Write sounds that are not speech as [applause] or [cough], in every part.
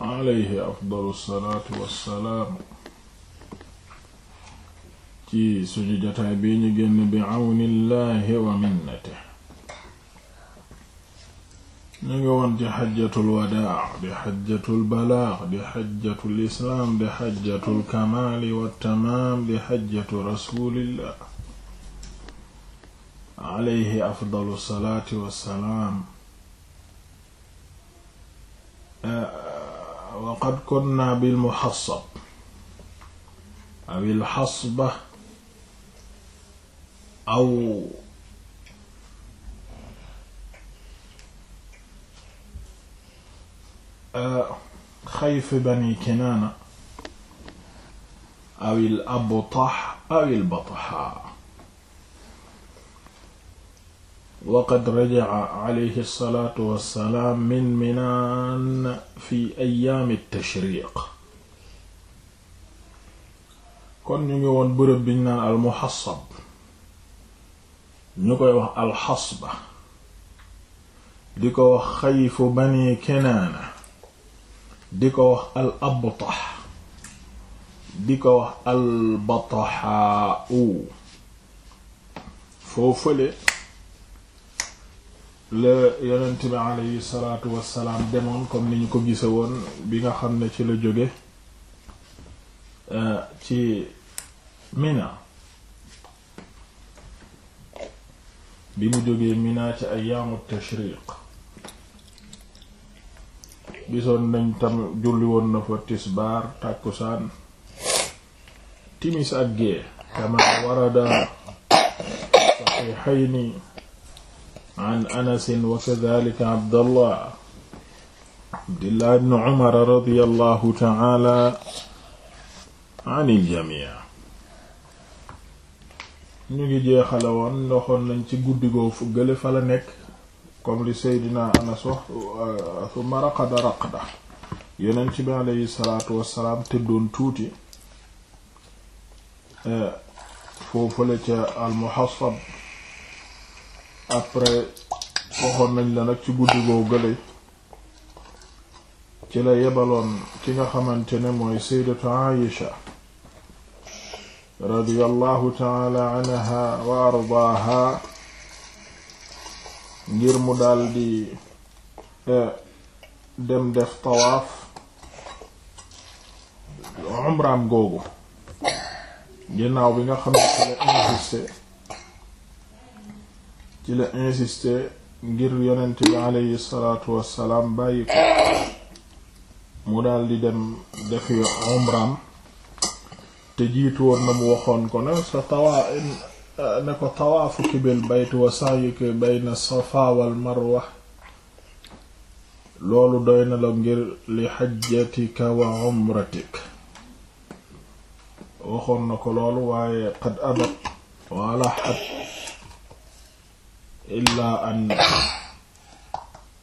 alayhi afdalu salaatu wassalaam ci suñu jotaay bi ñu génn bi awnillahi wa minnate ñu ngi woon ci xajjatul wadaa di xajjatul balaag di xajjatul islaam di xajjatul kamaali wa tamaam di xajjatu rasuulillah alayhi waqad kunna bil muhassab aw al hasba aw xayf bani kinaana aw al abtah aw al bataha waqad rajaca alayhi salaatu wassalaam min minaan fi ayaami tashriq kon ñu ngi woon bërëb biñ naan almuxasab ñu koy wax alxasba di ko wax xayfu bani kinaana di ko wax al abtax di ko wax albataxaau foo fële la yonent bi aleyhi salaatu wassalaam demoon comme ni ñu ko gise woon bi nga xam ne ci la jóge euh, ci Mina bi mu jógee Mina ci ayyaamu tashriq gisoon nañ tam julli na fa tisbaar tàkkusaan timis ak gée kama warada saxiixayni an anasin wa kadhalika abdallah abdillah ibn umar radiyallahu ta'ala anil jamii ñu ngi jeexale woon ndoxoon nañ ci guddigoo fu gële fa la nekk comme li seydina anas wax summa raqada raqda yonent bi aleyhi salaatu wassalaam tëddoon tuuti eh, foofale ca al muhassab après waxoon nañ la nag ci guddi googu gële ci la yebaloon ci nga xamante ne mooy sayyidatu Aïsha radiyallahu taala anha wa ardaaha ngir mu daldi e, dem def tawaaf umraam googu ginnaaw bi nga xam ne ci ci la insister ngir yonent bi aleyhi salaatu wassalaam bàyyi ko mu daldi dem defi umraam te jiitu woon na mu waxoon ko ne sa tawaa ne ko tawaafuki bil bayt wa sa'yuki bayna safa wal marwa loolu doy na la ngir li xajjatika wa umratik waxoon na ko loolu waaye qad abat wa lahat illaa an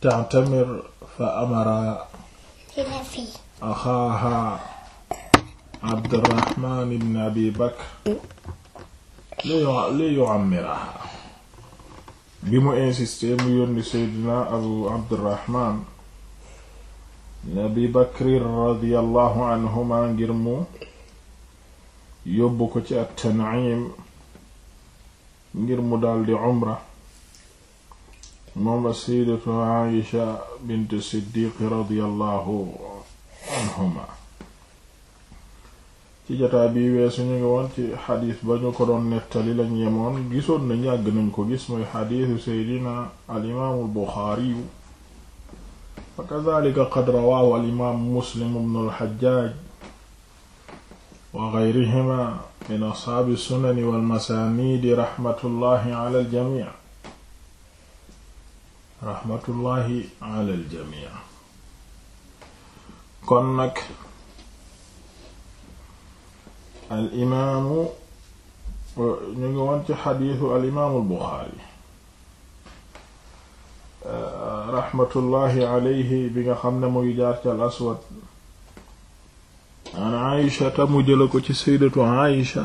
ta'tamir fa amara axaaha Abdurrahman ibn Abi Bakr li yu'ammiraha bi mu insisté mu yónni Seydina Abu Abdurrahman ibn Abi Bakr radiyallahu anhuma ngir mu yóbbu ko ci at-Tan'im ngir mu daldi umra moom sayyidatu Aïsha bint Siddiq radiyallahu anhuma ci jataa bi weesu ñu ngi woon ci xadiis ba ñu ko doon nettali lañ yemoon gisoon nañ yàgg nañ ko gis mooy xadiisu seydina alimaamu albuxaariyu fa kadalika qad rawaahu alimaamu muslim ibnu alxajjaaj wa geyrihima min asxaabi sunani walmasaanidi raxmatullahi ala aljamic raxmatullahi ala aljamii kon nag al imaamu ñu ngi woon ci xadiisu al imaamu albuxaari raxmatullahi alayhi bi nga xam ne mu ngi jaar ci al aswad an Aïsha ta mu jëla ko ci saydatu Aïsha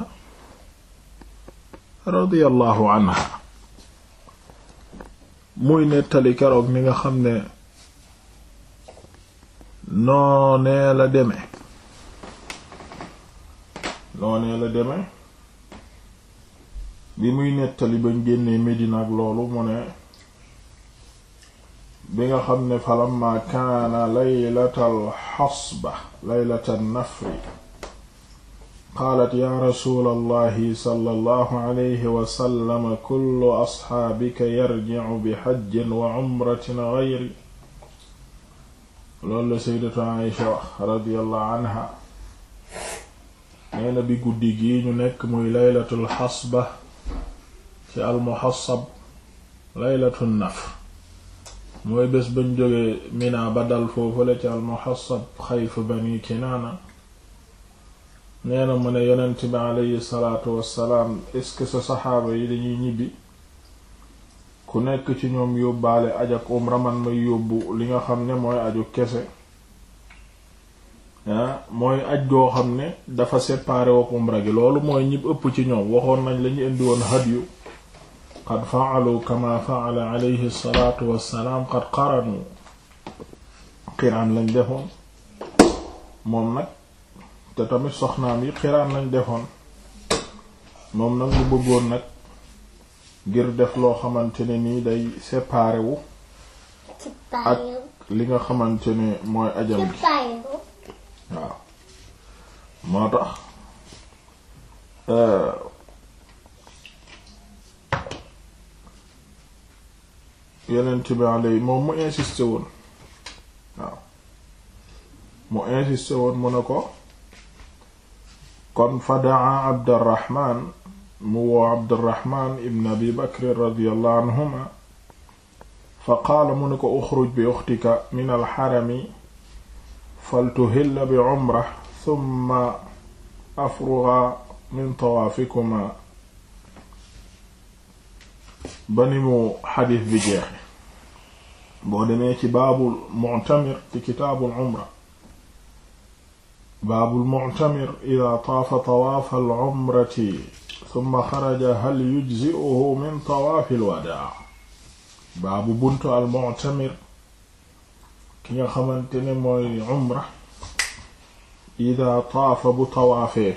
radiyallahu anha muy nettali keroog ni nga xam ne noonee la deme noonee la deme bi muy nettali bañ génnee Medina ak loolu mu ne bi nga xam ne falamma kaana laylatal ba laylatal nafri qaalat yaa rasuulallahi sallallahu alayhi wasallam kullu asxaabika yarjicu bi xajjin wa cumratin gayri loolu la saydatu Aïsha wax radiyallahu anha nee na bi guddi gii ñu nekk muy laylatul xasba ci almuxasab laylatu nafr mooy bés bañ jóge Mina ba dal foofu la ci almuxasab xayf bani Kinaana nee na mu ne yonent bi aleyhi salaatu wassalaam est-ce que sa saxaaba yi dañuy ñibbi ku nekk ci ñoom yóbbaale aj ak umra man may yóbbu li nga xam ne mooy aju kese ah, mooy aj goo xam ne dafa séparé wak umra gi loolu mooy ñib ëpp ci ñoom waxoon nañ lañu indi woon hadyu qad fa'alu kama fa'ala aleyhi salaatu wassalaam qad qaranu qiraan lañ defoon moom nag te tamit soxnaan yi xiraan lañ defoon moom nag mu bëggoon nag ngir def loo xamante ne nii day séparé wu ak li nga xamante ne mooy ajam gi waaw moo tax euh, yeneen bi alay moom mu insisté woon waaw mu insisté woon mu ne ko kon fa daa abdarrahman mu woo abdarrahman ibn abi bakr radiyallahu anhuma fa qaala mu ne ko uxruj bi uxtika min alxarami faltuhilla bi umra summa afruga min tawaafikuma ba ni mu xadiis bi jeexe boo demee ci baabul mu'tamir ci kitaabul umra baabul mu'tamir idaa taafa tawaafa al-umrati summa xaraja hal yujzi'uhu min tawaafi al-wadaa baabu buntu al mu'tamir ki nga xamante ne mooy umra idaa taafa bu tawaafee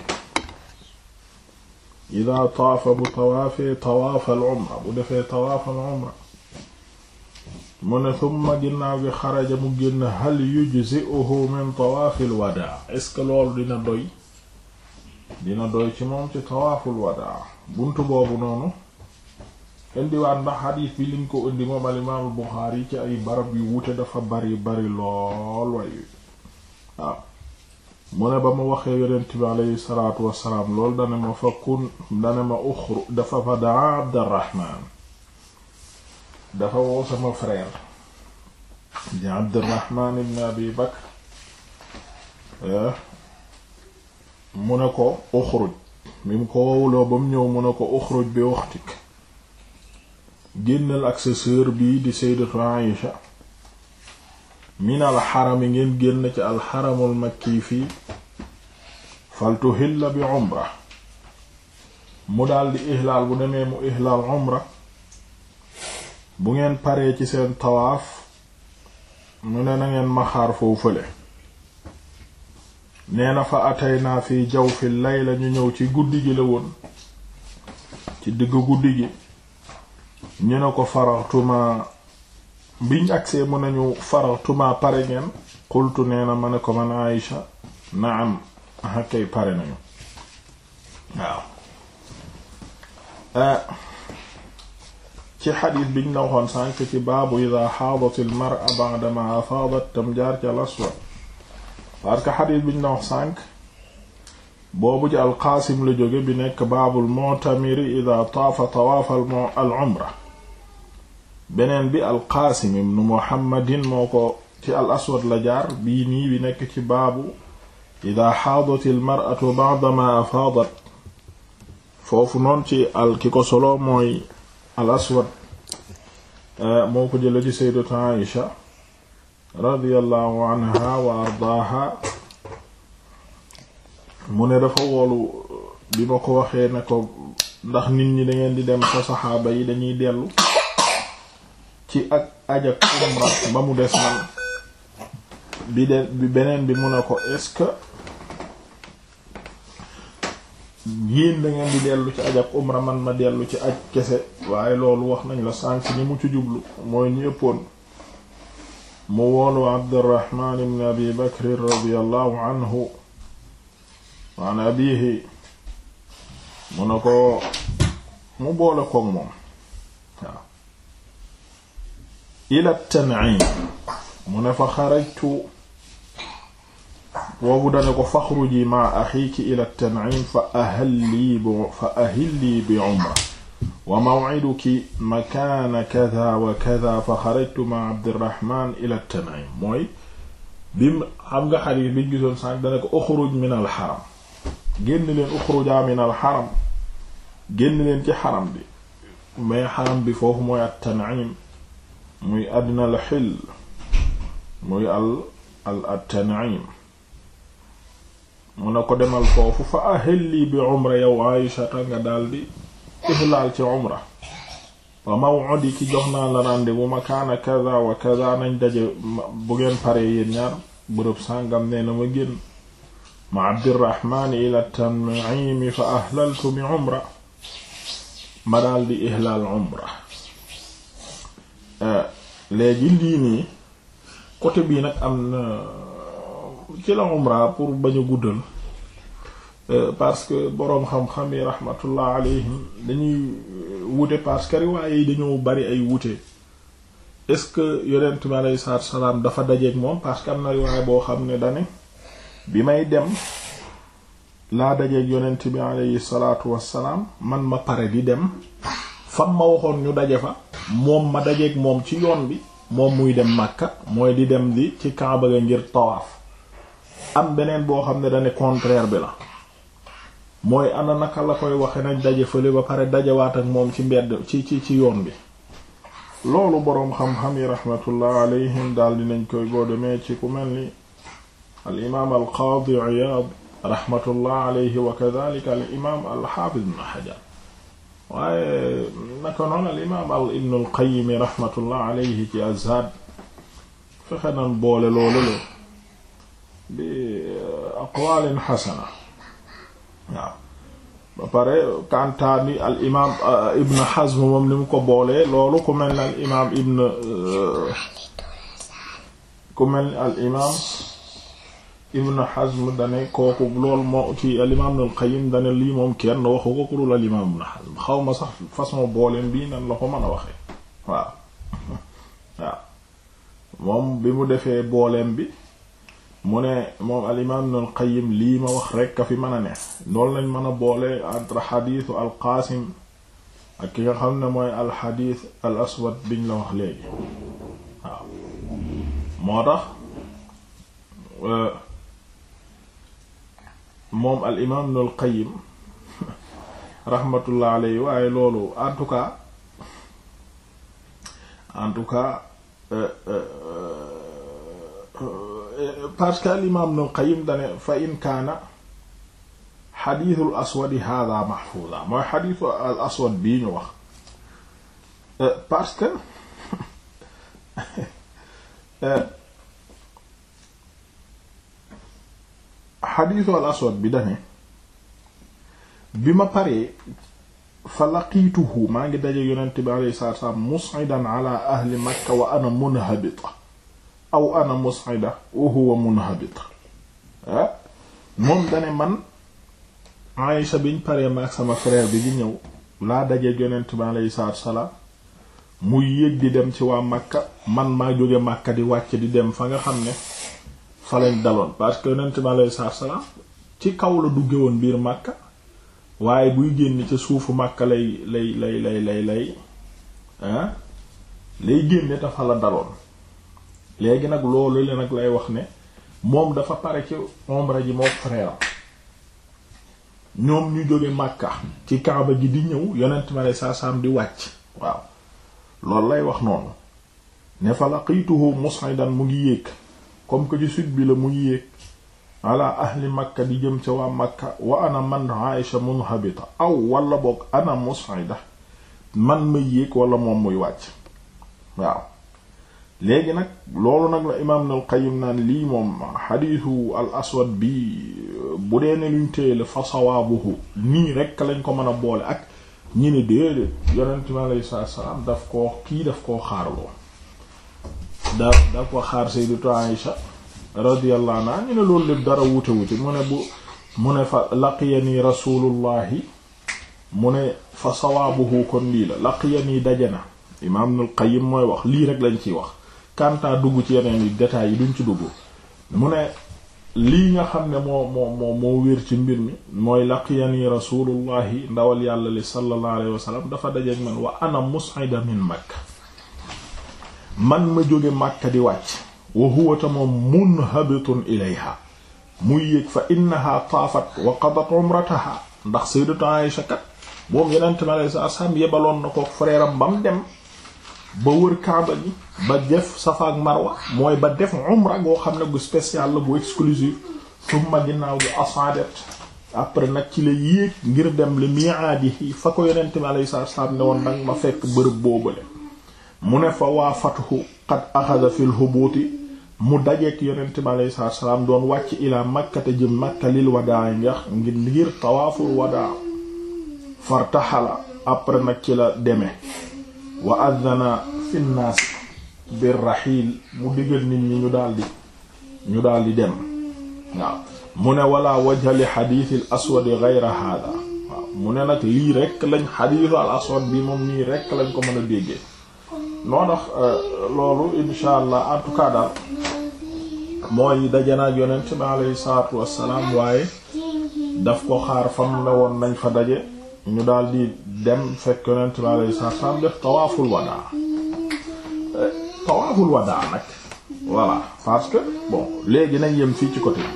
idaa taafa bu tawaafee tawaafa al-umra bu defee tawaafa al-umra mu ne summa ginnaaw bi xaraja mu génn hal yujzi'uhu min tawaafil wadaa est-ce que loolu dina doy dina doy ci moom ci tawaaful wadaa bunt boobu noonu indiwaat ndax xadiis bi liñ ko indi moom al imaamul Buxaari ci ay barab yu wuute dafa bari bari lool way waaw mu ne ba mu waxee yonent bi aleyhi salaatu wassalaam lool dana ma fa kun dana ma uxru dafa fa sama frère di Abdurrahman ibn Abi Bakr eh, mu ne ko uxruj mi mu ko wowuloo ba mu ñëw mu ne ko uxruj bi uxtik génnal ak sa sœur bi di sayyidatu Aïsha min alxaram yi ngeen génn ci alxaramul makki fii faltuhilla bi umra mu daldi ihlaal bu demee mu ihlaal umra bu ngeen paree ci seen tawaaf mu ne na ngeen ma xaar foofu fële nee na fa atay naa fi jawfi layla ñu ñëw ci guddi gi la woon ci digg guddi gi ñu ne ko faraxtuma biñ agsee mu nañu faraxtuma pare ngeen xultu nee na ma ne ko man Aïcha naam aha kay pare nañu waaw eh, ci xadis biñ la waxoon sànk ci baabu ida xaadat al mara ba'da ma faadat tam jaar ci al aswad parce que xadis biñ la wax sànk bi nekk baabul mu'tamiri tawaaf al beneen bi alqaasim ibnu muhammadin moo ko ci al la jaar bii nii bi nekk ci baabu ida xaadat al mar'atu afaadat foofu noonu ci al al aswad eh, moo ko jële ci sayyidatu Aisha radiyallahu anha wa ardaaha mu ne dafa woolu bi ma ko waxee ne ko ndax nit ñi dangeen di dem sa saxaaba yi dañuy dellu ci ak aj ak umra ba mu des man bi de beneen bi mu ne ko est-ce yéen da ngeen di dellu ci aj ak umra man ma dellu ci aj kese waaye loolu wax nañ la sànk ni mu ci jublu mooy ñu ëppoon mu woolu abdirahman ibn abi bakr radiallahu anhu waan abihi mu ne ko mu boole koog moom waaw ila mu ne fa xarajtu boobu dana ko faxruji ma axiiki ila tan'im fa ahilli bi fa ahilli bi umra wa maw'iduki wa kadha fa xarajtu ma Abdurrahman ila tan'im mooy bim xam bi gisoon sànq dana ko uxruj min al xaram génn leen uxruja min al xaram génn leen ci xaram bi mais xaram bi foofu mooy adna al xil al al mu ne ko demal foofu fa ahelli bi umra yow Aïshata nga daldi ihlaal ci umra wa maw'udiki jox naa la rendez-vous ma kaana kaza wa kaza nañ daje bu ngeen paree yéen ñaar bërëb sàngam nee na ma génn ma Abdirahmaan ila Tan'im fa ahlaltu bi umra ma daldi ihlaal umra euh, léegi lii nii côté bii nag am ci la umra pour bañ a guddal euh, parce que boroom xam-xam yi rahmatullah alayhim dañuy euh, wute parce que riwaaye yi dañoo bari ay wute est-ce que yonent bi alayhi salaatu salaam dafa dajeek moom parce que am na riwaaye boo xam ne dane bi may dem laa dajeek yonent bi alayhi salaatu wassalaam man ma pare di dem fam ma waxoon ñu daje fa moom ma dajeek moom ci yoon bi moom muy dem Makka mooy di dem di ci Kaaba ga ngir tawaaf am beneen boo xam ne dane contraire bi la mooy ana naka la koy waxe nañ daje fële ba pare dajewaat ak moom ci mbedd ci ci ci yoon bi loolu boroom xam-xam yi rahmatullah alayhim daal nañ koy boo demee ci ku mel ni al imaam al qaadi Iyaad rahmatullah alayhi wa kadhalika al imaam al xaafiz ibn Hajar waaye naka noonu al imaam al ibn al Qayyim rahmatullah alayhi ci Azzaad fexe nan boole loolu la bi eh, aqwalin xasana waaw ba pare kantaani al imaam eh, ibn Hazm moom li mu ko boolee loolu ku mel ni al imaam ibn eh, ku mel ni al imaam ibn Hazm dane kooku loolu moo ci al imaam Ibn Qayyim lii moom kenn waxu ko ku dul al imaam ibn Hazm xaw ma sax façon booleen bii nan la ko mën a waxee [laughs] waaw moom bi mu defee booleem bi mu ne moom al imaam Ibnul Qayyim lii ma wax rekk a fi mën a ne loolu lañ mën a boole entre xadiisu al qaasim ak ki nga xam ne mooy al xadiis al aswad biñ la wax léegi waaw moo tax euh, moom al imaam Ibnul Qayyim [laughs] rahmatullah alayhi waaye loolu en tout cas en tout cas. Euh, euh, parce que al imaam Ibnul Qayyim dane fa in kaana xadiisul aswadi hada mahfuza mooy xadiisu al aswad bii ñu wax euh, parce que euh, xadiisu al aswad bi dane bi ma paree fa laqiituhu maa ngi daje yonent bi alayhi salaatu wa salaam mus'idan ala ahli makka wa ana munhabita aw ana mus'ida wa huwa munhabit ah moom dane man Aïcha biñ paree ma ak sama frère bi di ñëw laa daje yonent bi alayhi salaatu salaam mu yéeg di dem ci waa Makka man maa jóge Makka di wàcc di dem fa nga xam ne fa lañ daloon parce que yonent bi alayhi salaatu salaam ci kaw la dugge woon biir Makka waaye buy génn ci suufu Makka lay lay lay lay lay lay ah lay génne te fa la daloon léegi nag loolu li nag lay wax ne moom dafa pare ci omra ji moo frère ñoom ñu jóge màkka ci Kaaba gi di ñëw yonent ma lay saa di wàcc waaw loolu lay wax noonu ne fa laqituhu mus'idan mu ngi yéeg comme que ci sud bi la mu ngi yéeg ala ahli Makka di jëm ca waa Makka wa ana man Aïsha munhabita aw wala boog ana mus'ida man ma yéeg wala moom muy wàcc waaw léegi nag loolu nag la imaam al qayyim naan lii moom xadiisu al aswad bi bu dee ne luñ téye la fa sawaabuhu nii rek lañ ko mën a boole ak ñi ne déedéet yonent mi alayhi salaatu salaam koo kii daf koo xaarloo da daf ko xaar sayyidatu Aïsha radiyallahu anha ñu ne loolu dara wuute wuute mu ne bu mu ne fa laqiyani rasulullahi mu ne fa sawaabuhu kon lii la laqiyani daje na imaam al qayyim mooy wax lii rek lañ ciy wax kanta dugg ci yeneen yi détails yi duñ ci dugg mu ne lii nga xam ne moo moo moo moo ci mbir mi mooy laqiyani rasulullahi ndawal yàlla li sallallahu alayhi wa sallam dafa dajeeg man wa ana mus'ida min makka man ma jóge makka di wàcc wa huwa tamam munhabitun ilayha muy yéeg fa innaha taafat wa qadat umrataha ndax sayyidatu Aisha kat moom yenente mi alayhi salaam yebaloon na ko frère bam dem ba wër Kaaba gi ba def Safa Marwa mooy ba def umra goo xam ne gu spécial la bu exclusive summa ginnaaw gi asaadat après nag ci la yéeg ngir dem li mi'aadihi fa ko yonent bi alayhi ne woon nag ma fekk bërëb boobale mu ne fa waa fatuhu qad axada fil hubuuti mu dajeek yonent bi alayhi salaatu wassalaam doon wàcc ilaa makkate jëm makka lil wadaa ngir tawaaful wadaa fartaxala après nag ci la deme waa addana mu digal nit ñi ñu daldi ñu daldi dem ne wala wajha li xadiisil aswad gayra hada waaw mu ne nag lii rekk lañ xadiisu aswad bi moom nii rek lañ ko mën a déggee noo tax euh, loolu insha allah en tout cas mooy dajanaak yonent bi aleyhi salaatu wassalaam waaye daf ko xaar fam ne woon nañ fa daje ñu daal di dem fekk yonent bi alayhi salaam def tawaaful wadaa tawaaful wadaa nag voilà parce que bon léegi nag yem fii ci côté bi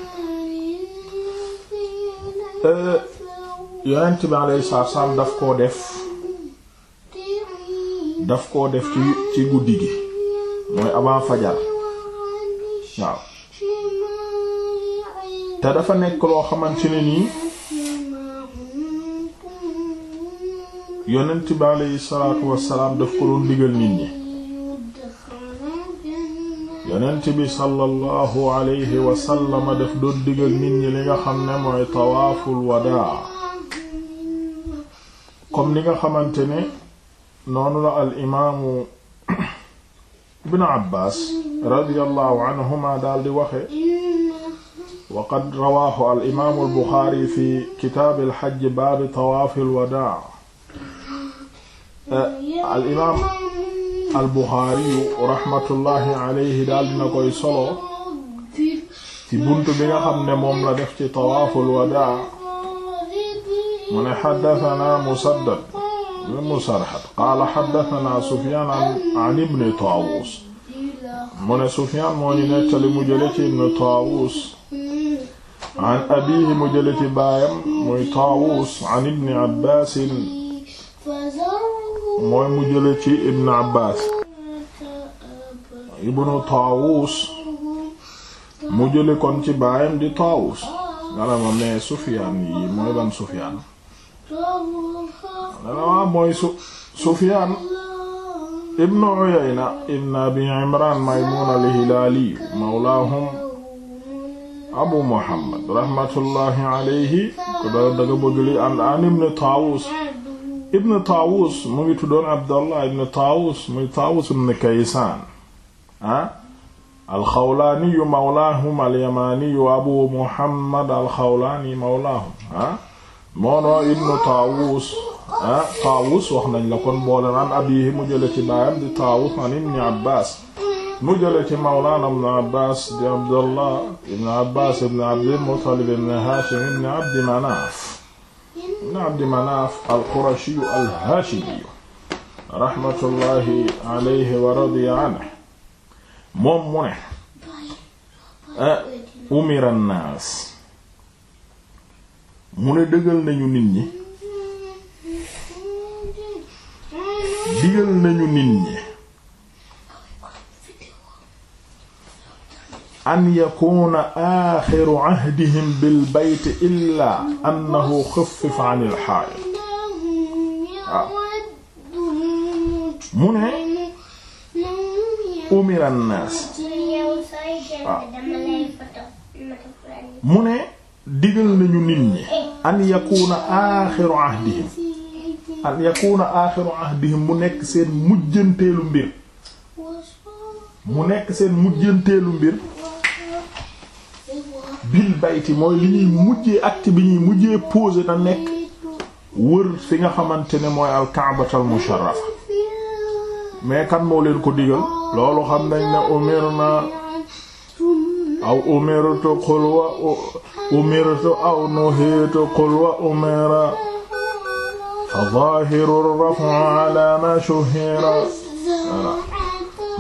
euh, yonent bi alayhi salaam daf koo def daf koo def ci ci guddi gi mooy avant fajar waaw te dafa nekk loo xamante ne nii. yonent bi aleyhi salaatu wassalaam daf ko doon digal nit ñi yonent bi sallallahu alayhi wa sallama daf doon digal nit ñi li nga xam ne mooy tawaaful wadaa comme li nga xamante ne noonu la al imaamu ibn Abbaas radiyallahu anhuma daal di waxe waqad rawaahu al imaamu al Buxaari fi kitaabil hajj baabi tawaafil wadaa Eh, al imaam al Buxaari rahmatullahi alayhi daal dina koy solo ci bunt bi nga xam ne moom la def ci tawaaful wadaa mu ne xaddatanaa Musaddad min Musarhad qaala xaddatanaa Sufyaan an ibni Taawus mu ne Sufyaan moo ñu nettali mu jële ci ibni Taawus an abiihi mu jële ci baayam muy Taawus an ibni Abbaasin mooy mu jële ci ibn Abbas ibnu Taawus mu jële ci baayam di Taawus ngala ma mais Sufyaan yi mooy ban Sufyaan ngala ma mooy su Sufyaan Abi Imraan Maymuun al mawlaahum Abu Muhammad rahmatullahi alayhi an ibn Taawus ibn Taawus mu ngi tuddoon Abdallah ibn Taawus muy Taawus ibn Kaysaan ah alxawlaaniyu mawlaahum alyamaaniyu abu Muhammad alxawlaani mawlaahum ah moonoo ibn Taawus ah Taawus wax nañ la kon boole naan abiihi mu jële ci baayam di Taawus an ibn Abbaas mu jële ci mawlaana ibn Abbaas di Abdallah ibn Abbaas ibn Abdil Muttalib ibn Haashim ibn Abdi Manaaf ibn Abdi Manaaf al-Qurashiyu moom mu ne eh, umira mu ne dëgal nit ñi digal nañu nit ñi an yakuna axiru cahdihim bilbeyti illa annahu xuffifa an ilxaa'id mu ne umira annaas waaw mu ne digal nañu nit ñi an yakuna axiru cahdihim mu nekk seen mujjanteelu mbir mu nekk seen mujjanteelu mbir bil bayti mooy li ñuy mujjee acte mujjee posé na nekk wër fi nga xamante ne mooy alkaabatal musharrafa mais kan moo leen ko digal loolu xam nañ ne umirna aw umirtu qul wa umirtu aw nuhitu qul wa umira fa zahiru rafu ala ma shuhira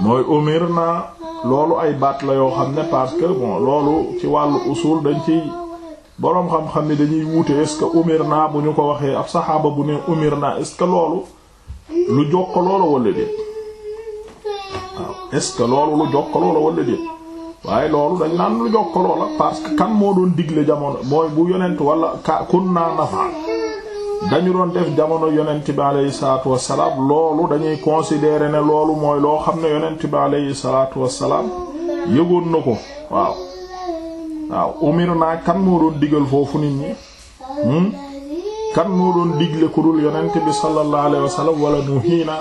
mooy umir na loolu ay baat la yoo xam ne parce que bon loolu ci wàllu usul dañ ci boroom xam-xam ni dañuy wuute est que umir na bu ñu ko waxee ab saxaaba bu ne umir na est-ce loolu lu jokkaloo la walla déet waaw que loolu lu jokkaloo la walla déet waaye loolu dañ naan lu jokkaloo la parce que kan moo doon digle jamono mooy bu yonent walla ka kun naa nafa dañu doon def jamono yonent bi aleyhi salaatu wassalaam loolu dañuy considérer ne loolu mooy loo xam ne yonent bi aleyhi salaatu wassalaam yëgoon na ko waaw waaw umir naa kan moo doon digal foofu nit ñi hmm? kan moo doon digle ku dul yonent bi sallallahu alayhi wasallam wala nuhiina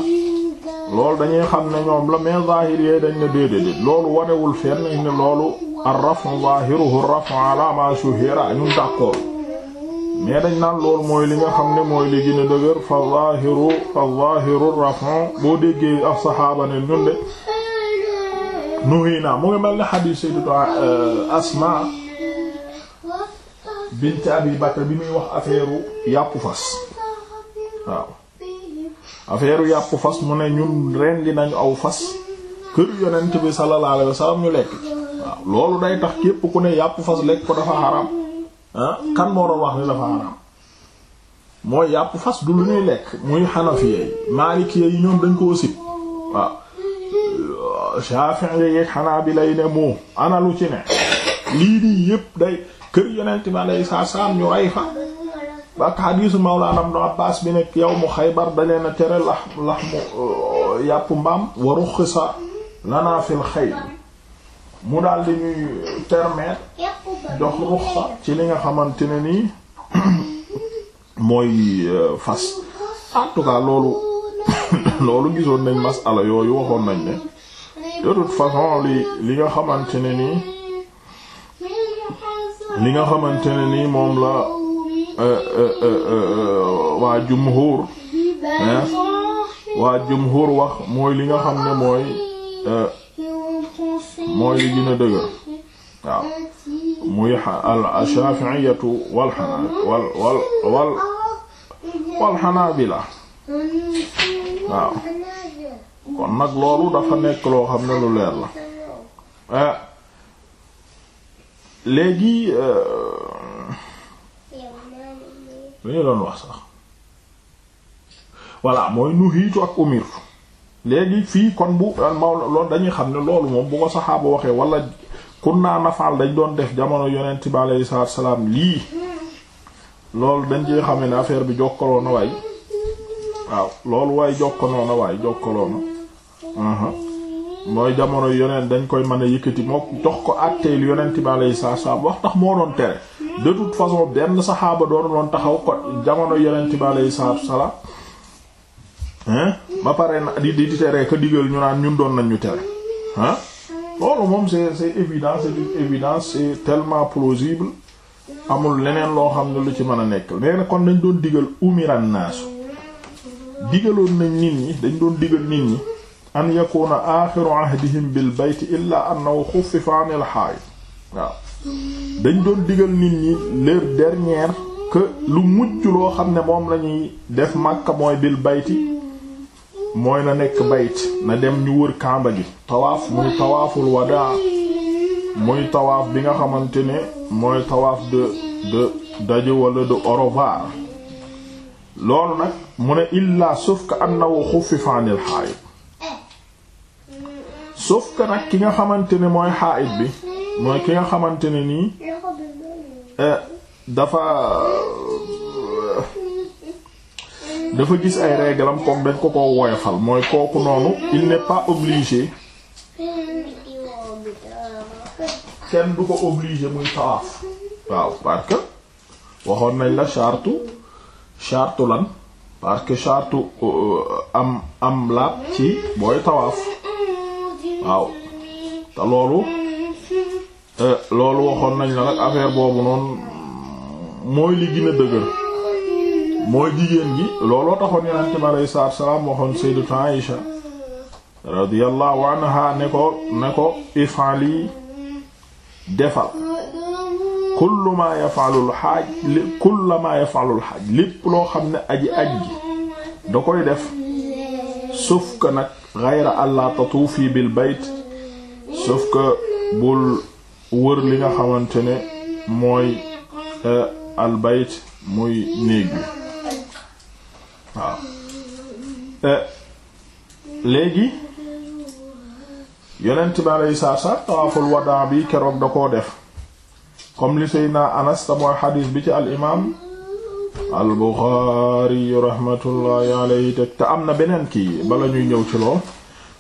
loolu dañuy xam ne ñoom la mais zahir yee dañ ne déedéedéet loolu wanewul fenn ne loolu ar-rafu zahiruhu ar-rafu ala ma shuhira ñun d'accord mais dañ naan loolu mooy li nga xam ne mooy li gën dëgër fa zahiru rafon boo déggee af saxaaba ne ñun de nuhi mu ngi mel ne xadiis sayyidatu euh, Asma bint Abi Bakr bi muy wax affaire yàppu fas waaw affaire yàppu fas mu ne ñun rendi nañu aw fas kër yonent bi sallallahu alayhi wasallam ñu lekk waaw loolu day tax képp ku ne yàppu fas lekk ko dafa xaram Ah, kan moo doon wax ni dafa mooy yàpp fas du lu ñuy lekk muy xanafiya yi maalikiya yi ñoom dañ koo sib waaw ah, Shafi'i yeeg Hanabila yi ne moo ana lu ci ne lii nii yépp day kër yonent bi alayhi salaam ñu ay fa ba hadiisu Mawlaana Ibn Abbaas bi nekk yow mu Xaybar da leen a tere lax mu yàpp mbaam wa ruxxisa lanaa fil xayl mu daal di ñuy euh, permettre jox ruxsa ci li nga xamante ne nii [coughs] mooy euh, fas en tout cas loolu [coughs] loolu gisoon nañ masala yooyu waxoon nañ ne de toute façon li li nga xamante ne nii li nga xamante ne nii moom la euh, waa jumhur waa jumhur wax mooy li nga xam ne mooy mooy li gën a dëgër waaw muy al-Shafi'iyyatu wal wal wal wal wal Hanabila waaw kon nag loolu dafa nekk loo xam ne lu leer la eh, léegi eh, lu ñu doon wax sax voilà mooy nuhiitu ak umirtu léegi fii kon bu euh, mawla loolu dañuy xam ne loolu moom bu ko saxaaba waxee wala kunnaa nafaal dañ doon def jamono yonent bi aleyhi salaatu salaam lii loolu dañ ci xam ne affaire bi jokkaloo na waay waaw loolu waay jokkaloo na waay jokkaloo na uh-huh. mooy jamono yonent dañ koy mën a yëkkati moo jox ko àtteel yonent bi aleyhi salaatu salaam wax tax moo doon tere de toute façon benn saxaaba doon loon taxaw ko jamono yonent bi aleyhi salaatu salaam ba pare na di di tere ka digal ñu naan ñun doon nañu ñu tere ah loolu moom c'est c'est évident c'est une évidence c'est tellement plausible amul leneen loo xam ne lu ci mën a nekk nee na kon dañ doon digal umiran naasu digaloon nañ nit ñi dañ doon digal nit ñi an yakuna axiru ahdihim bil bayt illa annahu xuffifa anil hayd waaw dañ doon digal nit ñi leur dernière que lu mucc loo xam ne moom lañuy def Makka mooy bil bayti mooy na nekk bayt na dem ñu wër kàmba gi tawaaf muy tawaaful wadaa muy tawaaf bi nga xamante ne mooy tawaaf de de daje wala de orovar loolu nag mu ne illaa sauf que annahu xuffifa anil haid sauf que nag ki nga xamante ne mooy haid bi mooy ki nga xamante ne nii eh, dafa dafa gis ay réglam comme dañ ko koo woyofal mooy kooku noonu il n'est pas obligé kenn du ko obligé muy tawaaf waaw parce que waxoon nañ la chartu chartu lan parce que euh, am am laab ci booy tawaaf waaw te loolu euh, loolu waxoon nañ la nag affaire boobu noonu mooy li gën a dëgër mooy jigéen gi looloo taxoon yonente bi aleyhi salaatu salaam waxoon sayyidatu Aïsha ne ko ne ko ifali defal kullu ma yaf'alul xaaj kullu ma lépp loo xam ne aji aj gi da koy def sauf ko nag ghayra alla tatuufi bil bayt sauf que bul wër li nga xamante ne mooy euh, al bayt muy néeg bi waaw eh, léegi yonent bi aleyhi salaatu salaam tawaaful wadaa bi keroog da koo def comme li Seydina Anas te mooy xadiis bi ci al imaam al rahmatullahi aleyhi te am na beneen kii bala ñuy ñëw ci lool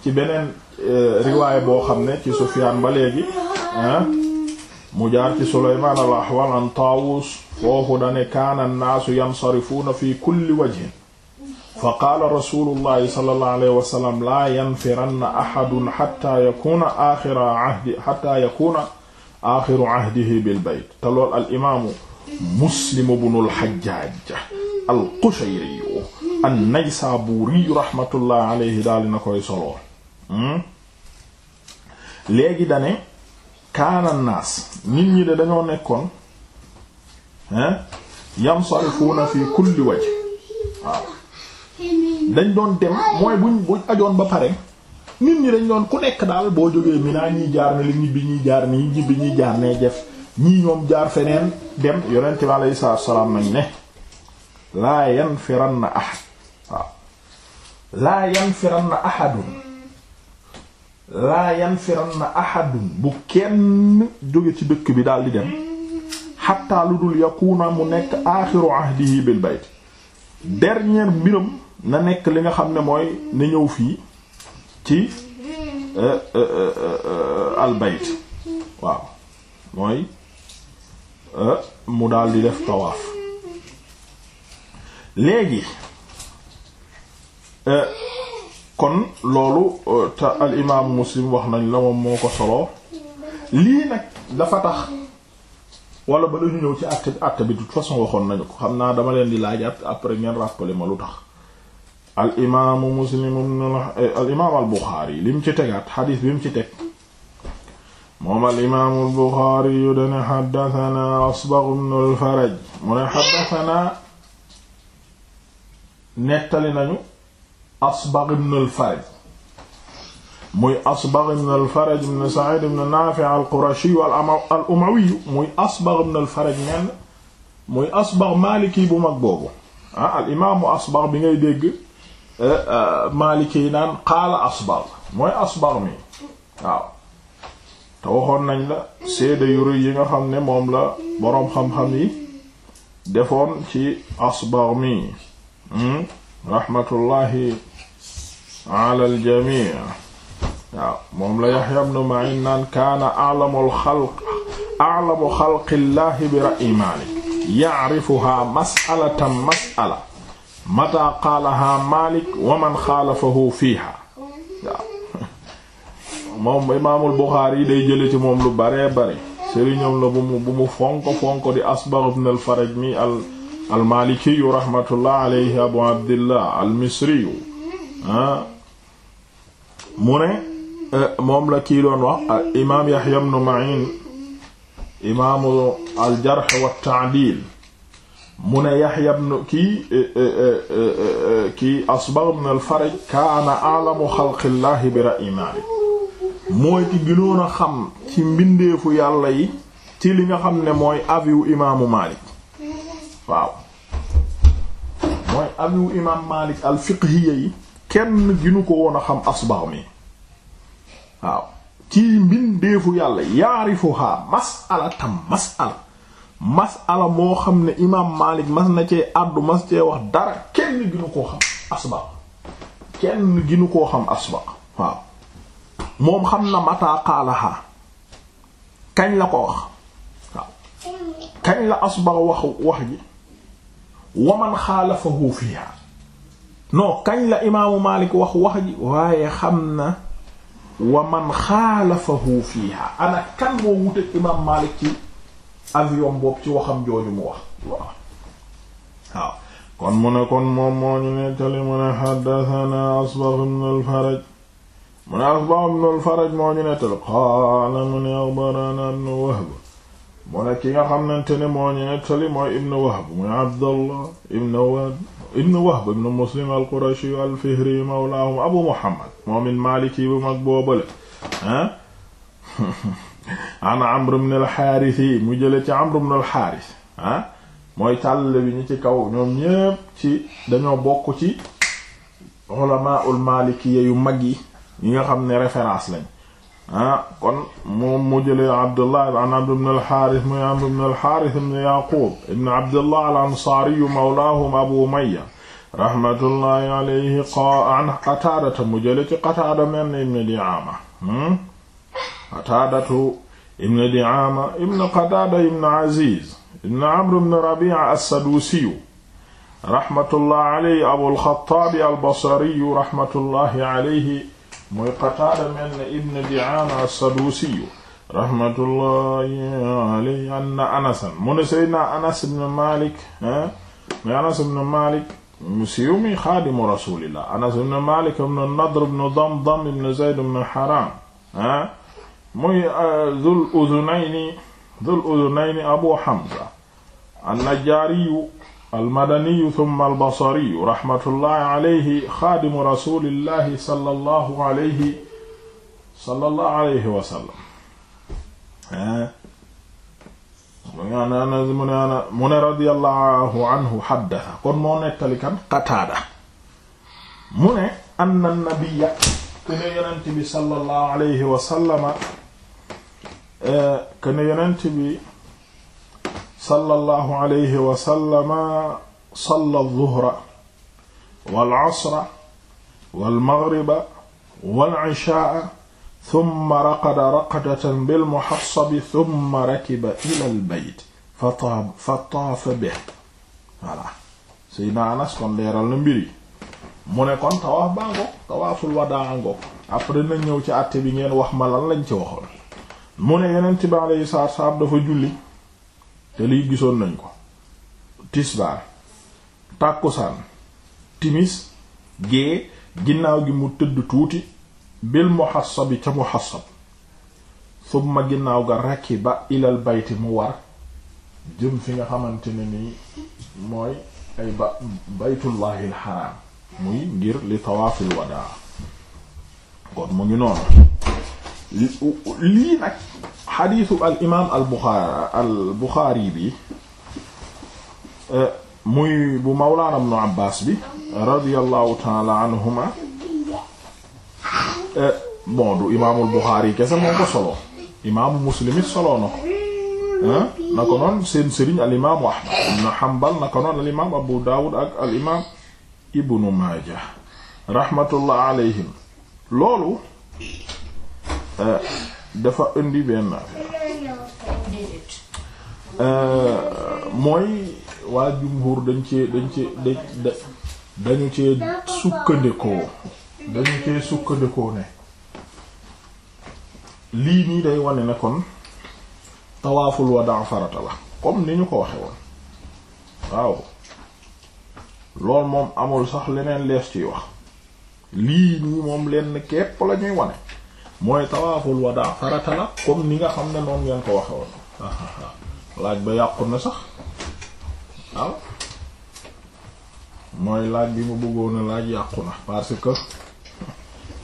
ci beneen eh, riwaay boo xam ne ci Sufyaan ba léegi ah, mu jaar ci Sulaymaan al Ahwal an Taawus foofu dane kaana an naasu yansarifuuna fi kulli wajhin fa qaala rasulullahi sallallahu alayhi wa sallam laa yanfiranna ahadun xatta yakuna aaxira ahdi xatta yakuna aaxiru ahdihi bil bayt te lool al imaamu muslimu bunul xajjaaj al qushayri an naysaabuuri rahmatullah alayhi daal na koy solo hmm? léegi dane kaana naas nit ñi de dañoo nekkoon yansarifuuna fi kulli wajh waaw dañ doon dem mooy buñ buñ ajoon ba pare nit ñi dañ doon ku nekk daal boo jógee Mina ñii jaar na li ñi bi ñuy jaar nii ñi bi ñuy jaar nee jef ñii ñoom jaar feneen dem yonent bi alayhi salaam nañ ne laa yanfiranna ahad waaw laa yanfiranna ahadun laa yanfiranna ahadun bu kenn jóge ci dëkk bi daal di dem xatta lu dul yakuuna mu nekk aaxiru ahdihi bil bayt dernier mbiram na nekk li nga xam ne mooy na ñëw fii ci eh, eh, eh, albayt waaw mooy mu daal di def tawaaf léegi kon loolu te al imaamu muslim wax nañ la moom moo ko solo lii nag dafa tax wala ba dañu ñëw ci àtt àtt bi de toute façon waxoon nañu ko xam naa dama leen di laaj après ngeen rappeler ma lu tax al imaamu muslim ibn al eh, imaam al buxaari lim ci tegaat xadiis bi mu ci teg moom al imaamu al buxaari yu dana xaddasanaa asbag ibn asbag ibn al muy asbag ibn al muy asbag ibn al muy asbag maaliki bu mag boobu ah asbag bi ngay dégg. Eh, eh, Maliki yi naan xaala asbar mooy asbar mi waaw te waxoon nañ la seede yu rëy yi nga xam ne moom la boroom xam-xam yi defoon ci asbar mi hmm? rahmatullahi ala aljami waaw moom la Yaxya ibn Ma'in naan kaana a'lamul xalq a'lamu xalqillahi bi ra'yi Maalik ya'rifuha mas'alatan mas'ala mata qaalaha Malik wa man xaalafahu fiiha waaw moom imaamul Buxaari ci moom lu bare bare sëriñam la bu mu bu mu fonko fonko di Asbagh ibn al-Faraj mi al abu abdillah al misriyu ah. eh, moom la kii doon wax ah, Yahya ibn Ma'in imaamu al jarh mu ne Yahya ibn kii eh, eh, eh, kii Asbagh ibn al-Faraj kaana a'lamu xalqillaahi bi ra'i maalik mooy ki gënoon xam ci mbindeefu yàlla yi ci li nga xam ne mooy aviwu imaamu Maalik waaw mooy aviwu imaam Maalik al yi kenn ginu ko woon xam Asbagh mi waaw ci mbindeefu yàlla yaarifuhaa mas'alatan mas'ala masala moo xam ne imaam Maalik mas na cee àddu mas cee wax dara kenn ginu koo xam asbaq kenn ginu koo xam asbaq waaw moom xam na mataa qaalaha kañ la ko wax waaw kañ la asbaq wax wax ji waaye xam na waman xaalafahu fiha ana kan moo wuteek imaam Maalik ci avion boobu ci waxam jooju mu wax waaw waaw kon mu kon moom moo ñu nettali mu ne xaddatana asbax mu ne asbax ibn alfaraj moo ñu nettali qaala mu ne axbarana ibn wahb mu ne bu mag boobale ah. [laughs] an Amr ibn al-Harith mu jële ci Amr ibn al-Harith ah mooy càllale bi ñu ci kaw ñoom ñépp ci dañoo bokk ci ulamaul maalikiyya yu mag yi yi nga xam ne référence lañ ah kon moom mu jëlee Abdullah an Amr ibn al-Harith muy Amr ibn al-Harith ibn Yaqub ibn Abdullah al-Ansari mawlahum Abu Umayya rahmatullahi alayhi qaala an Qataada mu jëlee ci Qataada mel ni ibn Di'aama hmm? qataadatu ibn diama ibn qataada ibn aziz ibn amr ibn rabi'a as-sadusiyu raxmatullah alayhi abulxataabi albasariyu raxmatullahi alayhi mooy qataada mel ne ibn diama as-sadusiyu raxmatullahi alayhi anna anasan mu ne seydna anas ibn malik muy anas ibn malik mu siiw mi xaadimu rasulillah anas ibn malik ibn nadr ibn damdam ibn zayd ibn haram muy euh, Zul Uzunayni Zul Uzunayni Abu Hamza an-Najjaariyu al-Madaniyu thumma al-Basriyu rahmatullahi alayhi xaadimu rasulillahi sallallahu alayhi sallallahu alayhi wa sallam eh? mu ne ana mu ne ana mu ne radiyallahu anhu haddasa kon moo nettali kan Qataada mu ne anna nabiyya këne yonent bi sallallahu alayhi wa sallama eh, këne yonent bi sallallahu alayhi wa sallama salla zuhra wal asra wal maghriba wal ishaa thumma raqada raqdatan bil muhassabi thumma rakiba ilal bayt fa taafa bihi voilà Seydina Anas kon leeral na mbir yi mu ne kon tawaaf baa ngoog tawaaful wadaa après na ñëw ci àtte bi ngeen wax ma lan lañ ci waxoon mu ne yeneen ci alayhi salaatu salaam dafa julli te lii gisoon nañ ko tisbaar tàkkusaan timis gée ginnaaw gi mu tëdd tuuti bil muhassabi ca muhassab ma ginnaaw ga rakiba ilal bayti mu war jëm fi nga xamante ne nii mooy ay baytullahil haram muy ngir li tawaaful wadaa kon mu ngi noonu lii nag xadiisu al imaam al buxaari al buxaari bi eh, muy bu mawlaana ibnu abbaas bi radiyallahu taala anhuma eh, bon du imaamul buxaari kese moo ko solo imaamu muslim it solo na ko eh, na ko noon al ahmad ibnu hanbal na al imaam abu daawud al imaam ibnu maaja rahmatullah alayhim loolu eh, dafa indi benn eh, mooy waa jumhur dañ cee dañ cee da dañu cee sukkandikoo dañu cee sukkandikoo ne lii nii day wane ne kon tawaaful wadaa farata la comme ni ñu ko waxe woon waaw lool moom amul sax leneen lees ciy wax lii nii moom lenn képp lañuy ñuy wane mooy tawaaful wadaa farata la comme ni nga xam ne noonu ngeen ko waxe woon [laughs] laaj ba yàqu na sax mooy laaj bi ma bëggoon a laaj yàqu na parce que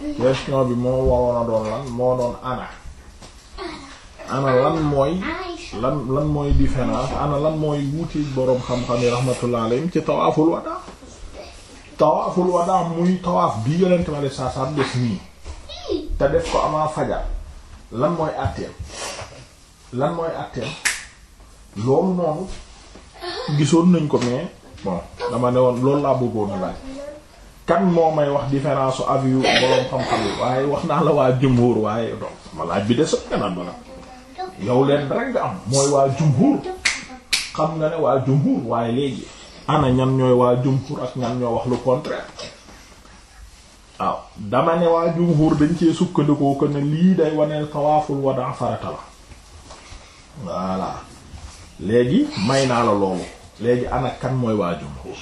[laughs] question bi moo waroon a doon lan moo doon ana ana lan mooy lan lan mooy différence ana lan mooy wuuti boroom xam-xam yi rahmatullah alayhim ci tawaaful wadaa tawaaful wadaa muy tawaaf bi yonent ma def saa saa def nii te def ko amaa fajar lan mooy àtteem mooy àtteem loolu noonu gisoon nañ ko mais bon dama ne woon loolu laa bëggoon a laaj kan moo may wax différence su ab yu boroom xam-xam yi waaye wax naa la waa jumhur waaye donc ma laaj bi de sëñ bi naan yow leen rek nga am mooy waa jumhur xam nga ne waa jumhur waaye léegi ana ñan ñooy waa jumhur ak ñan ñoo wax lu contraire waaw dama ne waa jumhur dañ cee sukkandikoo ko ne lii day waneel tawaaful wada farata la voilà léegi may naa la loolu léegi ana kan mooy waa jumhur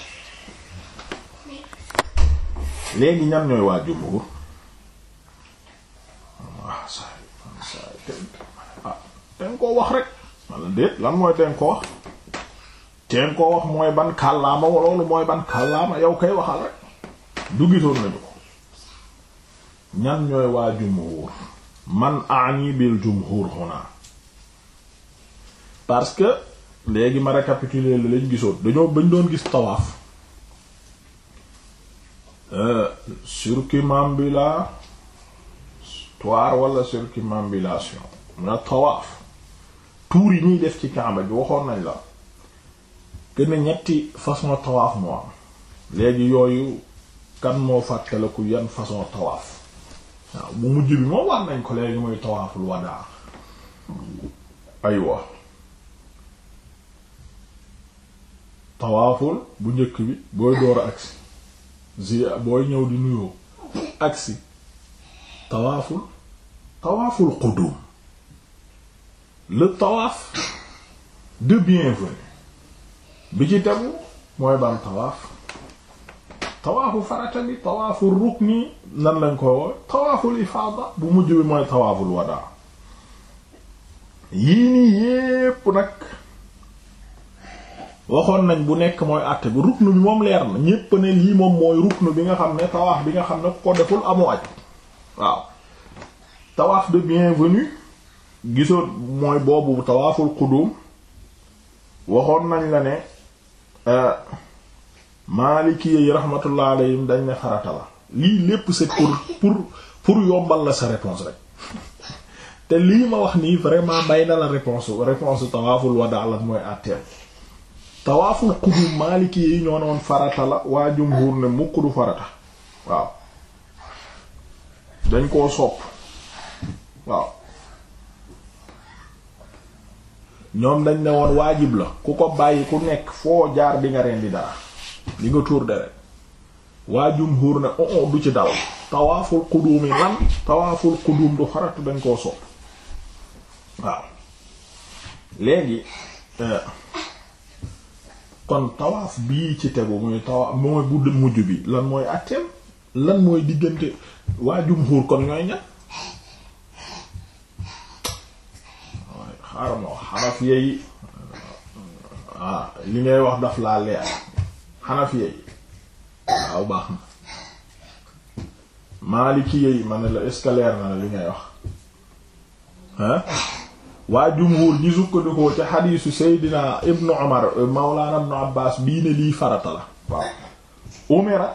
léegi ñan ñooy waa jumhur ah, teen ko wax rek walla déet lan mooy teen ko wax teen koo wax mooy ban kàllaama loolu mooy ban kàllaama yow kay waxal rek du gisoon nañu ko ñan ñooy waa jumhur man ani bil jumhur xuna parce que léegi ma récapituler la lañ gisoon dañoo bañ doon gis tawaaf euh, circumambulatoire wala circumambulation mu ne tawaaf tuur yi ñuy def ci Kaaba bi waxoon nañ la gën ñetti façon tawaaf moo léegi yooyu kan moo fàttaliku yan façon tawaaf waaw bu mujj bi moo war nañ ko léegi mooy tawaaful wadaa aywa tawaaful bu njëkk bi booy door agsi zi booy ñëw di nuyoo agsi tawaaful tawaaful qudum le tawaaf de bienvenue bi ci tegu mooy ban tawaaf tawaafu farata bi tawaafu nan lañ ko woowe tawaaful ifaada bu mujj bi mooy tawaaful wadaa yii nii yépp nag waxoon nañ bu nekk mooy àtte bu ruknu bi moom leer na ñépp ne lii moom mooy ruknu bi nga xam ne tawaaf bi nga xam ne ko deful amoo aj waaw tawaaf de bienvenue gisoon mooy boobu tawaaful qudum waxoon nañ la ne euh, maaliki yi rahmatullah alayhim dañ ne farata la lii lépp c'est pour pour yombal la sa réponse rek [laughs] te lii ma wax nii vraiment bay na la réponse réponse tawaaful wadaa la mooy àtteel tawaaful qudum maaliki yi ñoo noon farata la waa jumhur ne mukk du farata waaw dañ koo sopp waaw ñoom dañ ne woon waajib la ku ko bàyyi ku nekk foo jaar di nga rendi dara di tuur deret waa jumhur ne oo oh, oh, du ci daw tawaaful quduum yi lan tawaaful quduum du xaratu dañ koo sopp waaw léegi eh, kon tawaaf bii ci tegu muy tawaaf mooy bu mujj bi lan mooy àtteem lan mooy diggante waa jumhur kon ñooy ña xaaral ma wax xanafiya yi ah, li ngay wax daf laa leer xanafiya yi waaw baax na maalikiya yi ma la est leer na li ngay wax ah waa jumhur ñi sukkandikoo ci xadiisu Seydina Ibnu Umar Mawlana Ibnu Abbaas bii ne lii farata la waaw umira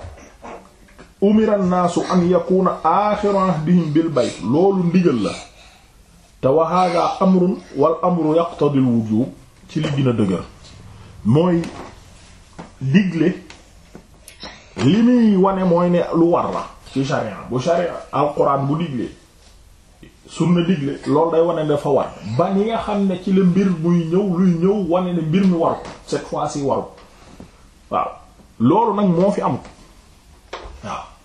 umira naasu an yakuna axiru ahdihim bil loolu ndigal la te wa hada amrun wal amru yaqtadi al wujub ci li gën a dëgër mooy digle li muy wane mooy ne lu war la ci sharia bu sharia alquran bu digle sunna digle loolu day wane ne dafa war ba ni nga xam ne ci la mbir muy ñëw luy ñëw wane ne mbir mi waru cette fois-ci waru waaw loolu nag moo fi am waaw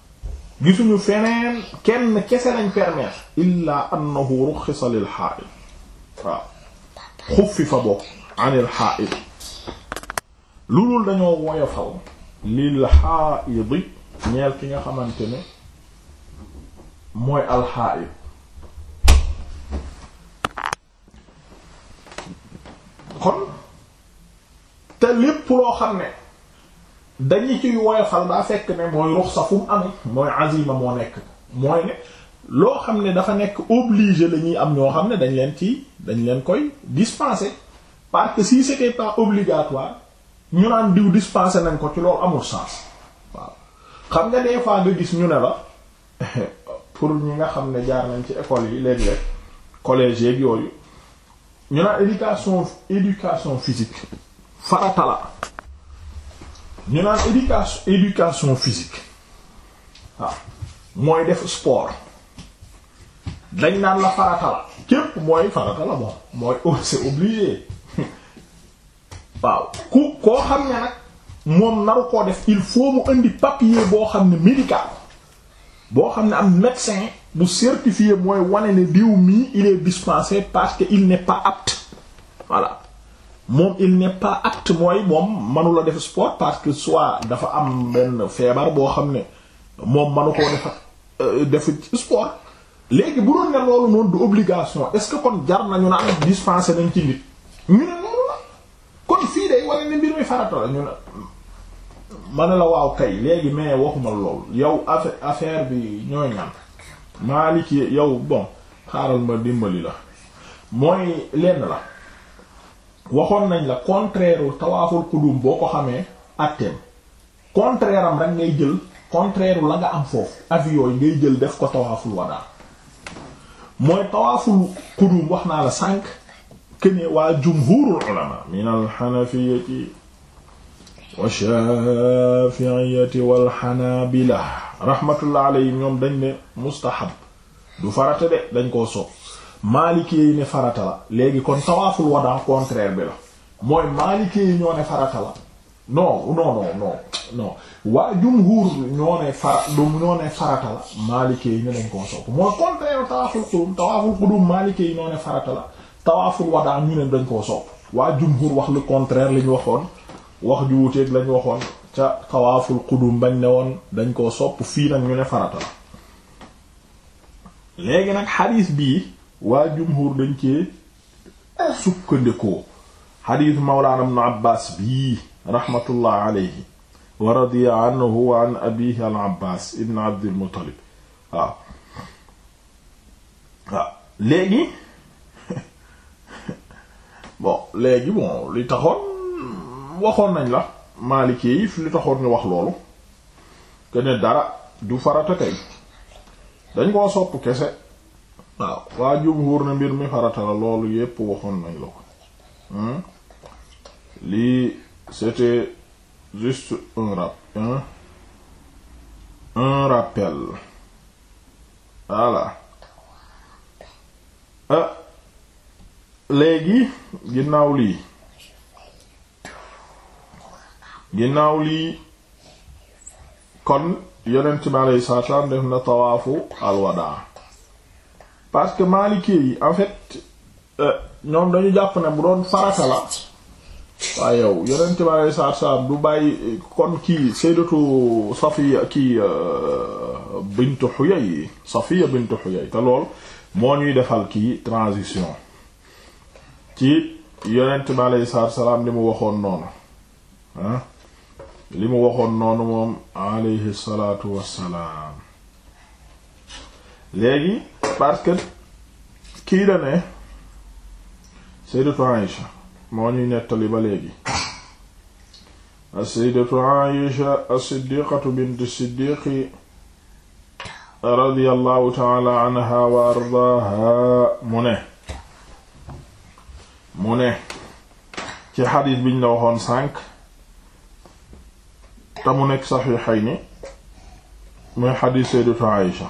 gisuñu feneen kenn kese lañ permettre illa annahu ruxisa lil xaa'id waaw xaa'id lu dul dañoo woyofal lil xaa'idi ñeel ki nga xamante ne mooy al xaa'id kon te lépp loo xam dañu ciy woyofal daa fekk ne mooy ruxsa fu mu amee mooy azima moo nekk mooy ne loo xam ne dafa nekk obligé la ñuy am ñoo xam ne dañ leen ci dañ leen koy dispenser parce que si c'était pas obligatoire ñu naan diw dispenser nañ ko ci loolu amul sens waaw xam nga des fois nga gis ñu ne la [laughs] pour ñi nga xam ne jaar nañ ci école yi léeg-léeg collège yeeg yooyu ñu naan éducation éducation physique farata ñu naan éducation éducation physique waaw ah, mooy def sport dañ naan la farata képp mooy farata la bon mooy oh, c'est obligé waaw ku koo xam ne nag moom naru koo def il faut mu indi papier boo xam ne médical boo xam ne am médecin bu certifié mooy wane ne diw mii il est dispensé parce que il n'est pas apte voilà moom il n'est pas apte mooy moom manula def sport parce que soit dafa am benn feebar boo xam ne moom manu koo defa euh, def sport léegi bu doon ne loolu noonu du obligation est-ce que kon jar nañu naan dispenser nañ ci nit ñu ne loolu la kon fii day wala ne mbir mi farata la ñu ne ma ne la waaw kay léegi mais waxuma loolu yow affaire affaire bi ñooy ñan Maliki yow bon xaaral ma dimbali la mooy lenn la waxoon nañ la contraire u tawaaful qudum boo ko xamee atteem contraire am rek ngay jël contraire la nga am foofu avis ngay jël def ko tawaaful wadaa mooy tawaaful qudum wax naa la sànq kene waa jumhurul ulama min alxanafiati wa shafiiati walxanabila rahmatullah alayhim ñoom dañ ne mustahab du farate de dañ koo sopp maalikee yi ne farata la léegi kon tawaaful wadaa contraire bi la mooy maalikee yi ñoo ne farata la non non non non non waa jumhuur ñoo ne fara du ñoo ne farata la maalikee yi ñu dañ koo sopp mooy contraire tawaaful xudum tawaaful xudum maalikee yi ñoo ne farata la tawaaful wadaa ñu ne dañ koo sopp waa jumhuur wax le contraire lañu waxoon wax ju wuteeg lañu waxoon ca tawaaful xudum bañ ne woon dañ koo sopp fii nag ñu ne farata la léegi nag xadiis bii waa jumhur dañ cee sukkandikoo xadiis mawlaana ibnu abbaas bii raxmatullah alayhi wa radiya anhu wa an al abbaas ibn abdil muttalib waaw waaw léegi [laughs] bon léegi bon li taxoon waxoon nañ la maaliki yi li taxoon ñu wax loolu que dara du farata kay dañ koo sopp kese waaw waa jumhur na mbir mi farata la loolu yépp waxoon nañ la ko hmm? lii c'était juste un rappel voilà ah, léegi ginnaaw lii ginnaaw lii kon yeneen bi alayhi salaam na tawaafu alwadaa parce que maalikee yi en fait euh, ñoom dañu jàpp ne bu doon farata la waaye yow yonent bi alei salaatu salaam du bàyyi kon kii sayyidatu Safiya kii euh, bintu Huyay Safiya bintu Huyay te lool moo ñuy defal kii transition ci yonent bi alei salaatu salaam li mu waxoon noonu li mu waxoon noonu moom alayhi salaatu wassalaam léegi parce que kii da ne sayyidatu Aïsha moo nettali ba léegi as-sayyidatu Aïsha as-siddiqatu bint as-siddiqi radiyallahu ta'ala anha wa ardaaha mu ne ci xadis biñ la waxoon sànq te mu nekk saxiixayni muy xadis sayyidatu Aïsha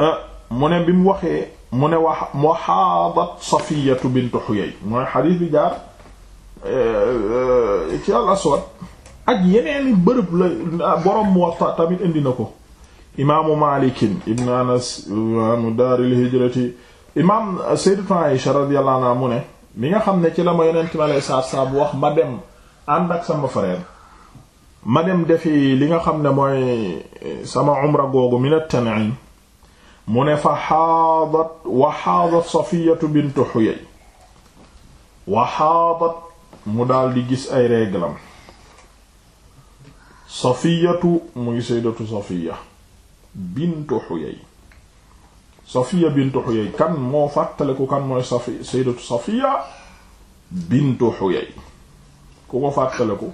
Euh, mu ne bi mu waxee mu ne wa wa xaadat safiyatu bintu xuyay mooy xadiis bi jaar euh, euh, ci al aswad ak yeneeni bërëb la borom Muwatta tamit indi na ko imaamu malikin ibn anas imaamu daaril hijrati imaam sayyidatuna Aisha radiyallahu anha mu ne mi nga xam ne ci la ma yonent mi alei saatu wax ma dem ànd ak sama frère ma dem defi li nga xam ne mooy sama umra googu min at-Tan'im mu ne fa xaadat wa xaadat safiyatu bint xuyay wa xaadat mu daal di gis ay réglam safiyatu muy saydatu safiya bint xuyay safiya bint xuyay kan moo kan mooy safi safiya bint xuyay ku ko fàttaliku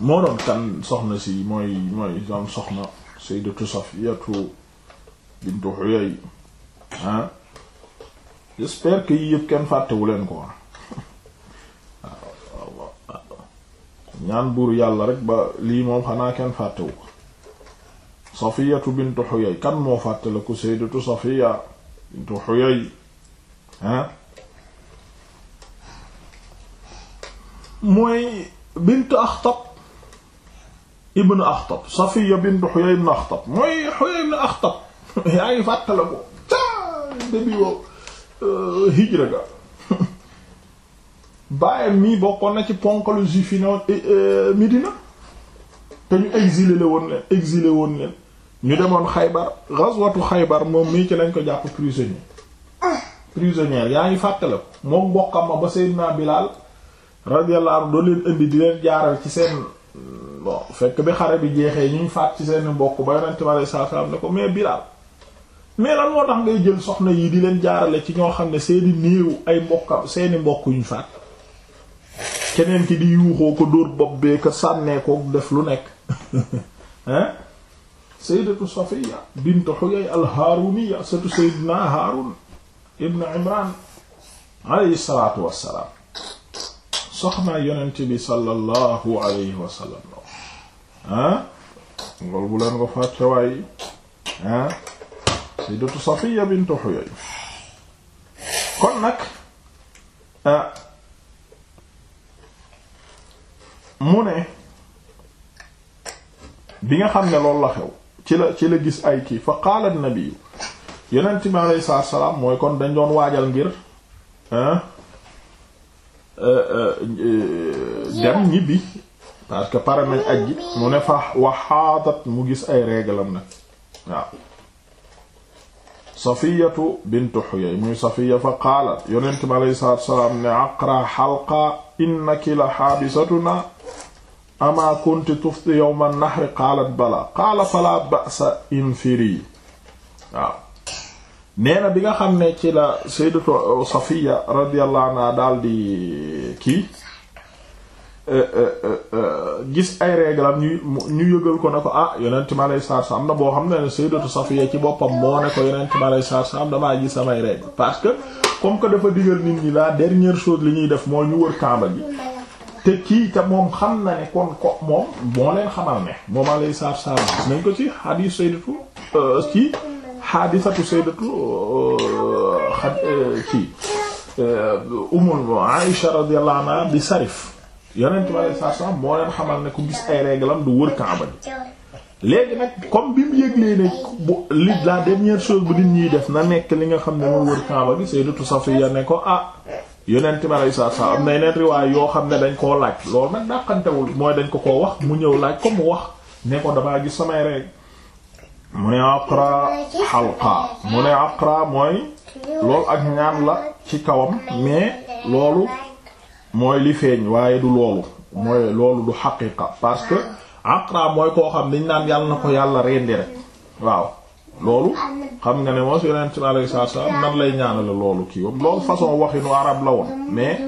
moo kan soxna si mooy mooy soxna sayyidatu Safiyatu bintu Huyay ah j'espère que yii kenn fàttewu leen ko waaw ñaan buur yàlla rek ba lii moom xanaa kenn fàttewu ko Safiyatu bintu Huyay kan moo fàtte la ko sayyidatu Safiya bintu Huyay ah mooy bintu Axtab ibn Akhtab Safiya bint Huyay ibn Akhtab mooy Huyay ibn Akhtab [laughs] yaa ngi fàttale ko ca début woo euh, hijra ga [laughs] bàyyam mii bokkoon na ci ponkalu juif yi noon euh, euh, Medina te ñu exilé woon leen exilé woon leen ñu demoon Xaybar ghazwatu Xaybar moom mii ci lañ ko jàpp prisonnier prisonnière yaa ngi fàttale ko moom mbokkam ma ba Seydina Bilaal radiyallahu la doo leen jaar di ci seen bon fekk bi xare bi jeexee ñu faat ci seen mbokk ba yonent bi alei saatu salaam ne ko mais Bilaal mais lan soxna yi di leen jaarale ci ñoo xam ne seeni néew ay mbokkam seeni mbokk yuñ faat keneen ki di yuuxoo def lu nekk [laughs] hein sayyidatu Safiya bint Huyay soxna yonent bi sallallahu wa sallam ah loolu bu leen ko fàtte waay ah sayyidatu Safiya bint Huyay kon nag ah mu ne bi nga xam ne loolu la xew ci la ci la gis ay kii fa qaala an-nabi yonent mi salaam mooy kon dañ doon waajal ngir euh, euh, euh, dem ñibbi parce que pare nañ aj gi mu ne fa waxaadat mu gis ay réglam nag waaw safiyatu bintu xuyay muy safiya fa qaalat yonent bi aleyhi salaatu wa salaam ne aqra xalqa innaki la xaabisatuna ama kunti tufti yawma nahri qaalat bala qaala fala ba'sa infiri waaw nee na bi nga xam ne ci la sayyidatu safiya radiyallahu anha daal di kii Euh, euh, euh, gis ay réglam mu ñu yëgal ko ne ko ah yonent mi alayhi salaatu salaam am na boo xam ne Sayyidatu Safiya ci boppam moo ne ko yonent mi alayhi salaatu salaam damaa gis samay règle parce que comme que dafa digal nit ñi la dernière chose li ñuy def mooy ñu wër Kaaba gi te kii te moom xam na ne kon ko moom moo leen xamal ne moom alayhi salaatu salaam gis nañ ko ci hadith Sayyidatu ci hadithatu Sayyidatu ci umul Aisha radiyallahu anha bi Sarif yonent bi saa salaatu salaam moo leen xamal ne ku gis ay réglam du wër Kaaba bi léegi nag comme bi mu yëglee ne bu li la dernière chose bu nit ñiy def na nekk li nga xam ne moo wër Kaaba bi Sayyidatu Safiya ne ko ah yonent bi alayhi salaatu salaam am na yeneen riwaay yoo xam ne dañ koo laaj loolu nag dàqantewul mooy dañ ko koo wax mu ñëw laaj ko mu wax ne ko damaa gis samay rég mu ne aqra xalqa mu ne aqra mooy loolu ak ñaan la ci kawam mais loolu mooy li feeñ waaye du loolu mooy loolu du xaqiqa parce que aqra mooy koo xam dañ naan yàlla na ko yàlla rendi rek waaw loolu xam nga ne mos yonent bi alayhi salaam nan lay ñaanale loolu kii wam loolu façon waxinu arab la woon mais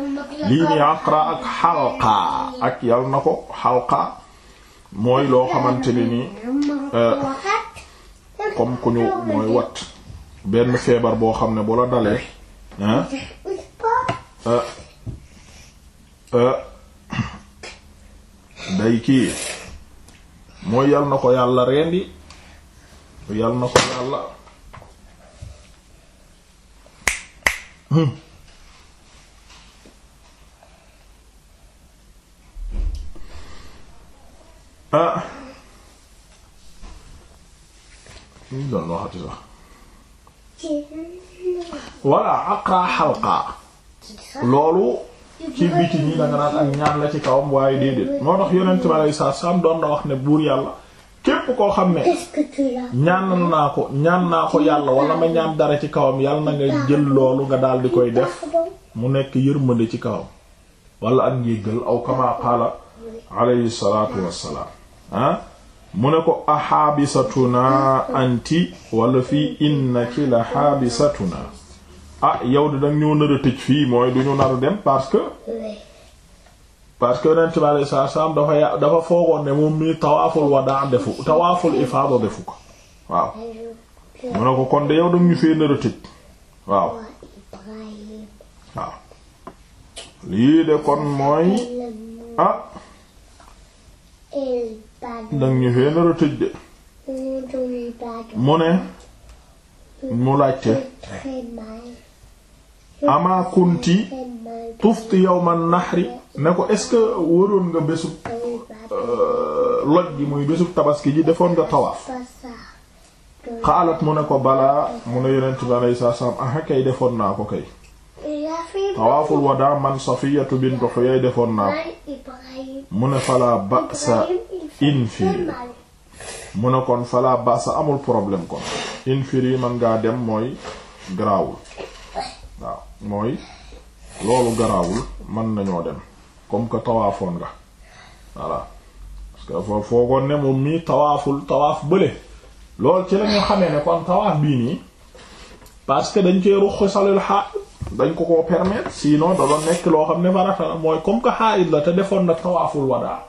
lii ni aqra ak xalqa ak yàlla na ko xalqa mooy loo xamante ne nii euh, comme ku ñu mooy wat benn feebar boo xam ne bu la dalee ah Euh, [coughs] day kii mooy yal na ko yàlla rendi yal na ko yàlla hmm. ah ñu doon waxati sax walla aqra xalqa loolu ci biti nii da nga ak ñaan la ci kawam waaye déedéet moo tax yonent bi alayhi salaatu doon na wax ne buur yàlla képp koo xam ne ñaan naa ko ñaan naa ko yàlla wala ma ñaan dara ci kawam yàlla na nga jël loolu nga daal di koy def mu nekk yërmande ci kawam wala ak njéggal aw kama qaala wassalaam ah? mu ne ko a xaabisatuna anti wala fii innaki la xaabisatuna ah yow de danga ñoo nar a tëj fii mooy du ñu nar a dem parce que parce que yonent bi alayhi dafa ya dafa foogoon ne moom mii tawaaful wadaa defu tawaaful ifaada defu ko waaw mu ne ko kon de yow danga ñu fee nar tëj waaw waaw lii de kon mooy ah danga ñu fee nar tëj de mu ne mu laajte amaa kunti tufti yawman nahri ne ko est-ce que waroon nga bésub euh, loj gi muy bésu tabaski ji defoon nga tawaaf xaalat mu ne ko balaa mu ne yonent bi alayhi salaam aha kay defoon naa ko kay tawaaful wadaa man safiyatu bintu xuyay defoon naa ko mu ne falaa ba'sa infiri mu ne kon falaa ba'sa amul problème kon infiri man ngaa dem mooy garaawul waaw mooy loolu garaawul man nañoo dem comme que tawaafoon nga voilà parce que foo foogoon ne moom mii tawaaful tawaaf bële loolu ci la ñu xamee ne kon tawaaf bii nii parce que dañ cee ruq salul xaa dañ ko koo permettre sinon da doon nekk loo xam ne farata la mooy comme que xaayit la te defoon na tawaaful wadaa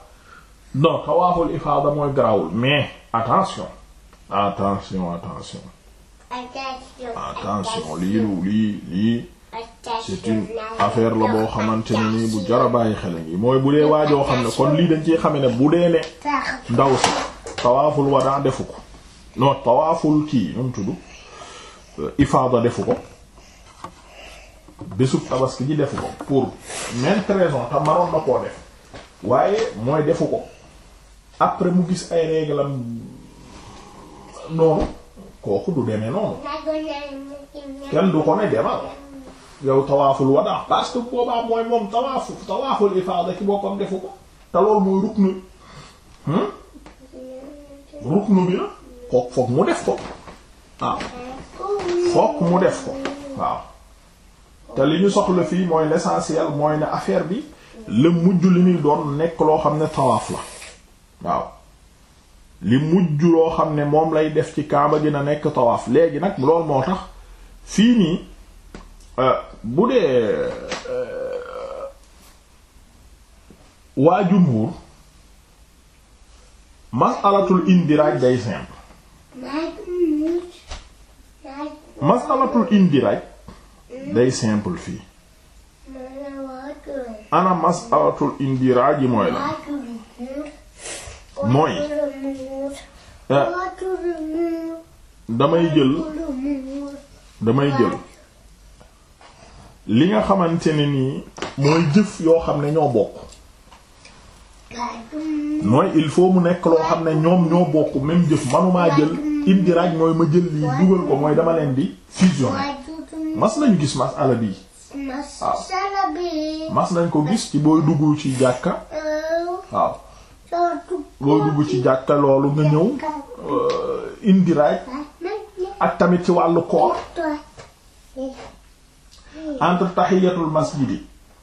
non tawaaful ifaada mooy garaawul mais attention attention attention attention lii lu lii lii c'est une affaire la boo xamante ne nii bu jar a bàyyi ngi mooy bu dee waajoo xam ne kon lii dañ ci xame ne bu dee ne ndaw si tawaaful wadaa defu ko non tawaaful kii nu mu tudd ifaada defu ko bésub tabaski ji koo def waaye mooy defu ko après mu gis ay réglam noonu kooku du demee noonu kenn du ko ne demal yow tawaaful wadaa parce que boobaa mooy moom tawaafu tawaaful ifaada ci boppam defu ko te loolu mooy ruknu hmm? ruknu bi la foog foog mu def ko waaw foog mu def ko waaw te li ñu soxla fii mooy l'essentiel mooy ne affaire bi la mujj lu muy doon nekk loo xam ne tawaaf la waaw li mujj loo xam ne moom lay def ci kaaba gi na nekk tawaaf léegi nag loolu moo tax fii nii euh, bu dee euh, waa jumhur masalatul indiraaj day simple masalatul indiraaj day simple fii ana masalatul indiraaj yi mooy la mooy euh, damay jël damay jël li nga xamante ne nii mooy jëf yoo xam ne ñoo bokk mooy il faut mu nekk loo xam ne ñoom ñoo bokk même jëf manumaa jël indiraj mooy ma jël lii dugal ko mooy dama leen di fusion mas nañu gis mas ala mas lañ ko gis ci booy dugg ci jàkka waaw booy dugg ci jàkka loolu nga ñëw euh, indiraj ak tamit ci wàllu koor entre tahiyatul masjidi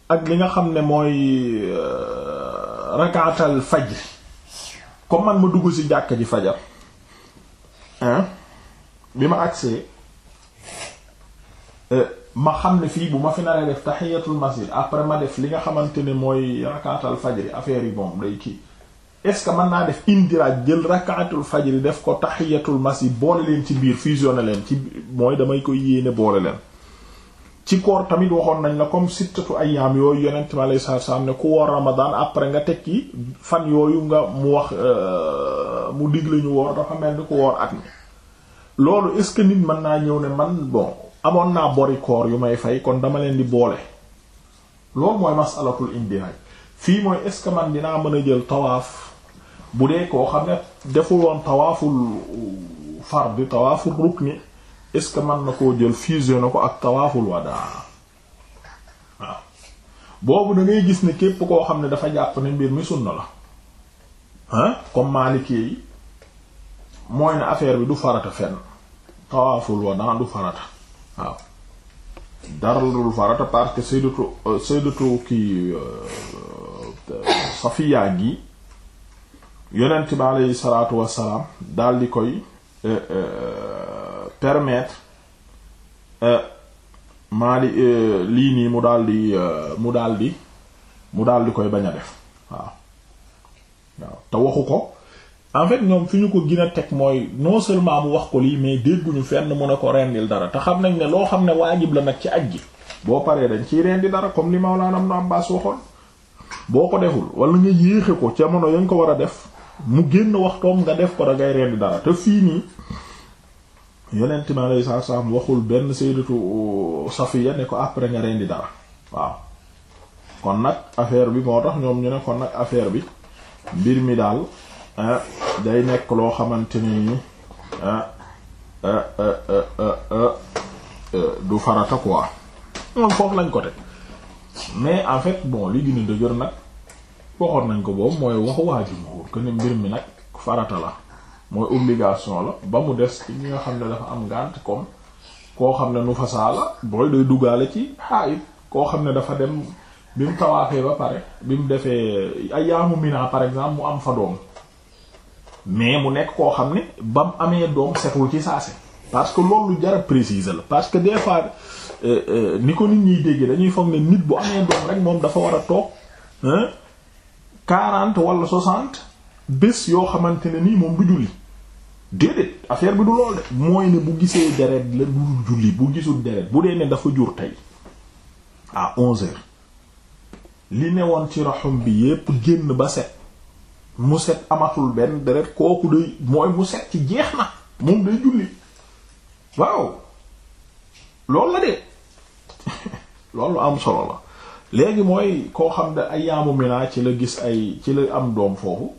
ak li nga xam ne mooy euh, rakaatal fajr comme man ma dugg si jàkk ji fajar hein bi ma agsee euh, ma xam ne fii bu ma fi naree def tahiyatul masjid après ma def li nga xamante ne mooy rakaatal fajri affaire yi moom day kii est-ce que mën naa def indiraaj jël rakaatul fajri def ko tahiyatul masjid boole leen ci biir fusionné leen ci mooy damay koy yéene boole leen ci koor tamit waxoon nañ la comme sittatu ayyaam yooyu yonent mi alayhi salaatu salaam ne ku woor Ramadan après nga teg ci fan yooyu nga mu wax euh, mu dig lañu woor dafa mel ni ku woor at mi loolu est-ce que nit mën naa ñëw ne man boo amoon naa bori koor yu may fay kon dama leen di boole loolu mooy masalatul indihaaj fii mooy est-ce man dinaa mën a jël tawaaf bu dee koo xam ne deful woon tawaaful fard tawaaful rukni est-ce que mën na koo jël fusion na ko ak tawaaful wadaa waaw boobu da gis ne képp koo xam ne dafa jàpp ne mbir mi sunna la hein comme maalikee yi mooy ne affaire bi du farata fenn tawaaful wadaa du farata waaw dara farata parce que sayyidatu euh, sayyidatu ki euh, Safiya gi yonent bi aleyhi salaatu wassalaam dal di koy euh, permettre euh, maa li euh, lii nii mu euh, di mu daldi mu daldi koy bañ a def waaw waaw te waxu ko en fait ñoom fi ñu ko gin a teg mooy non seulement mu wax ko lii mais dégguñu fenn mu ne ko rendil dara te xam nañ ne loo xam ne waajib la nag ci aj gi boo paree dañ ciy rendi dara comme li Mawlana Ibn Abbas waxoon boo ko deful wala nga yéexe ko ca mono yañ ko war a def mu génn waxtoom nga def ko da ngay rendi dara te fii nii yonent mi alayhi salaatu salaam waxul benn sayyidatu Safiya ne ko après nga rendi dara waaw kon nag affaire bi moo tax ñoom ñu ne kon nag affaire bi mbir mi daal ah, day nekk loo xamante ni ah, ah, du farata quoi moom foofu lañ ko teg mais en fait bon li gën a dëgër nag waxoon nañ ko boobu mooy waxu waa jumhur que mbir mi nag farata la mooy obligation la ba mu des ci ñi nga xam ne dafa am ngànt comme koo xam ne nu fasaa la booy doy duggaale ci xaayit koo xam ne dafa dem bi mu tawaafee ba pare bi mu defee ayaamu mina par exemple mu am fa doom mais mu nekk koo xam ne ba mu amee doom setul ci saase parce que loolu jar a préciser la parce que des fois euh, euh, ni ko nit ñiy déggee dañuy foog ne nit bu amee doom rek moom dafa war a toog quarante wala soixante bés yoo xamante ne nii moom du julli déedéet affaire bi du lool de mooy ne bu gisee deret la du julli bu gisul deret bu dee ne dafa jur tey à onze heures li newoon ci raxum bi yépp génn ba set mu set amatul benn deret kooku day mooy mu set ci jeex na moom day julli waaw loolu la de [laughs] loolu am solo la léegi mooy koo xam ne ay yaamu Mina ci la gis ay ci la am doom foofu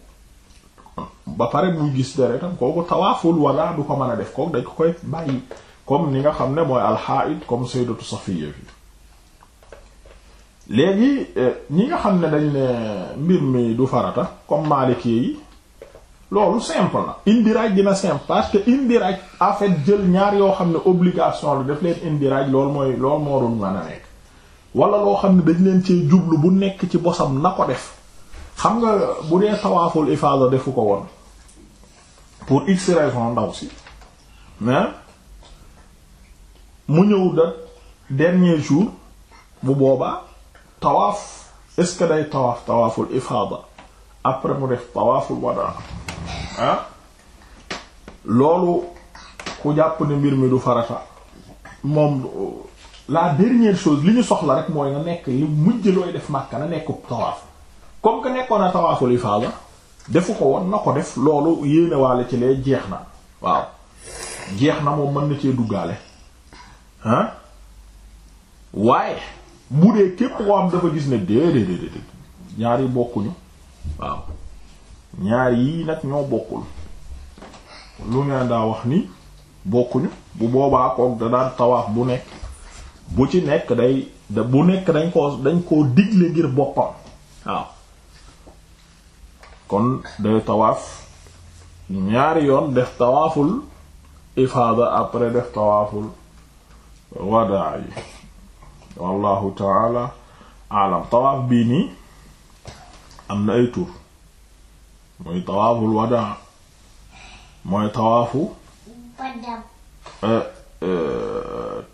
ba pare muy gis deretam kooku tawaaful wala du ko mën a def kooku dañ ko koy bàyyi comme ni nga xam ne mooy alxaid comme sayyidatu Safiya fi léegi eh, ñi nga xam ne dañ ne mbir mi du farata comme Maliki yi loolu simple na indiraaj dina simple parce que indiraaj en fait jël ñaar yoo xam ne obligation lu def leen indiraaj loolu mooy loolu moo mën a nekk wala loo xam ne dañ leen ci jublu bu nekk ci bosam na ko def xam nga bu dee tawaaful ifaada defu ko woon pour x raison ndaw si mais mu ñëw da dernier jour bu boobaa tawaaf est-ce que day tawaaf tawaaful ifaada après mu def tawaaful wadaa ah loolu ku jàpp ne mbir mi du farata moom la dernière chose li ñu soxla rek mooy nga nekk li mujj looy def Makka na nekk tawaaf comme que nekkoon na tawaaful ifaada defu ko woon na ko def loolu yéene ci lee jeex na waaw jeex na moom mën na cee duggaale ah waaye bu dee képp koo xam dafa gis ne déedéet déedéet ñaar yi bokkuñu waaw ñaar yii nag ñoo bokkul lu ngeen daa wax ni bokkuñu bu boobaa kook da daan tawaaf bu nekk bu ci nekk day bu nekk dañ koo dañ koo digle ngir boppam waaw kon day tawaaf ñaari yoon def tawaaful ifaada après def tawaaful wadaa yi wallahu taala alam tawaaf bii nii am na ay tur mooy tawaaful wadaa mooy tawaafu eh, eh,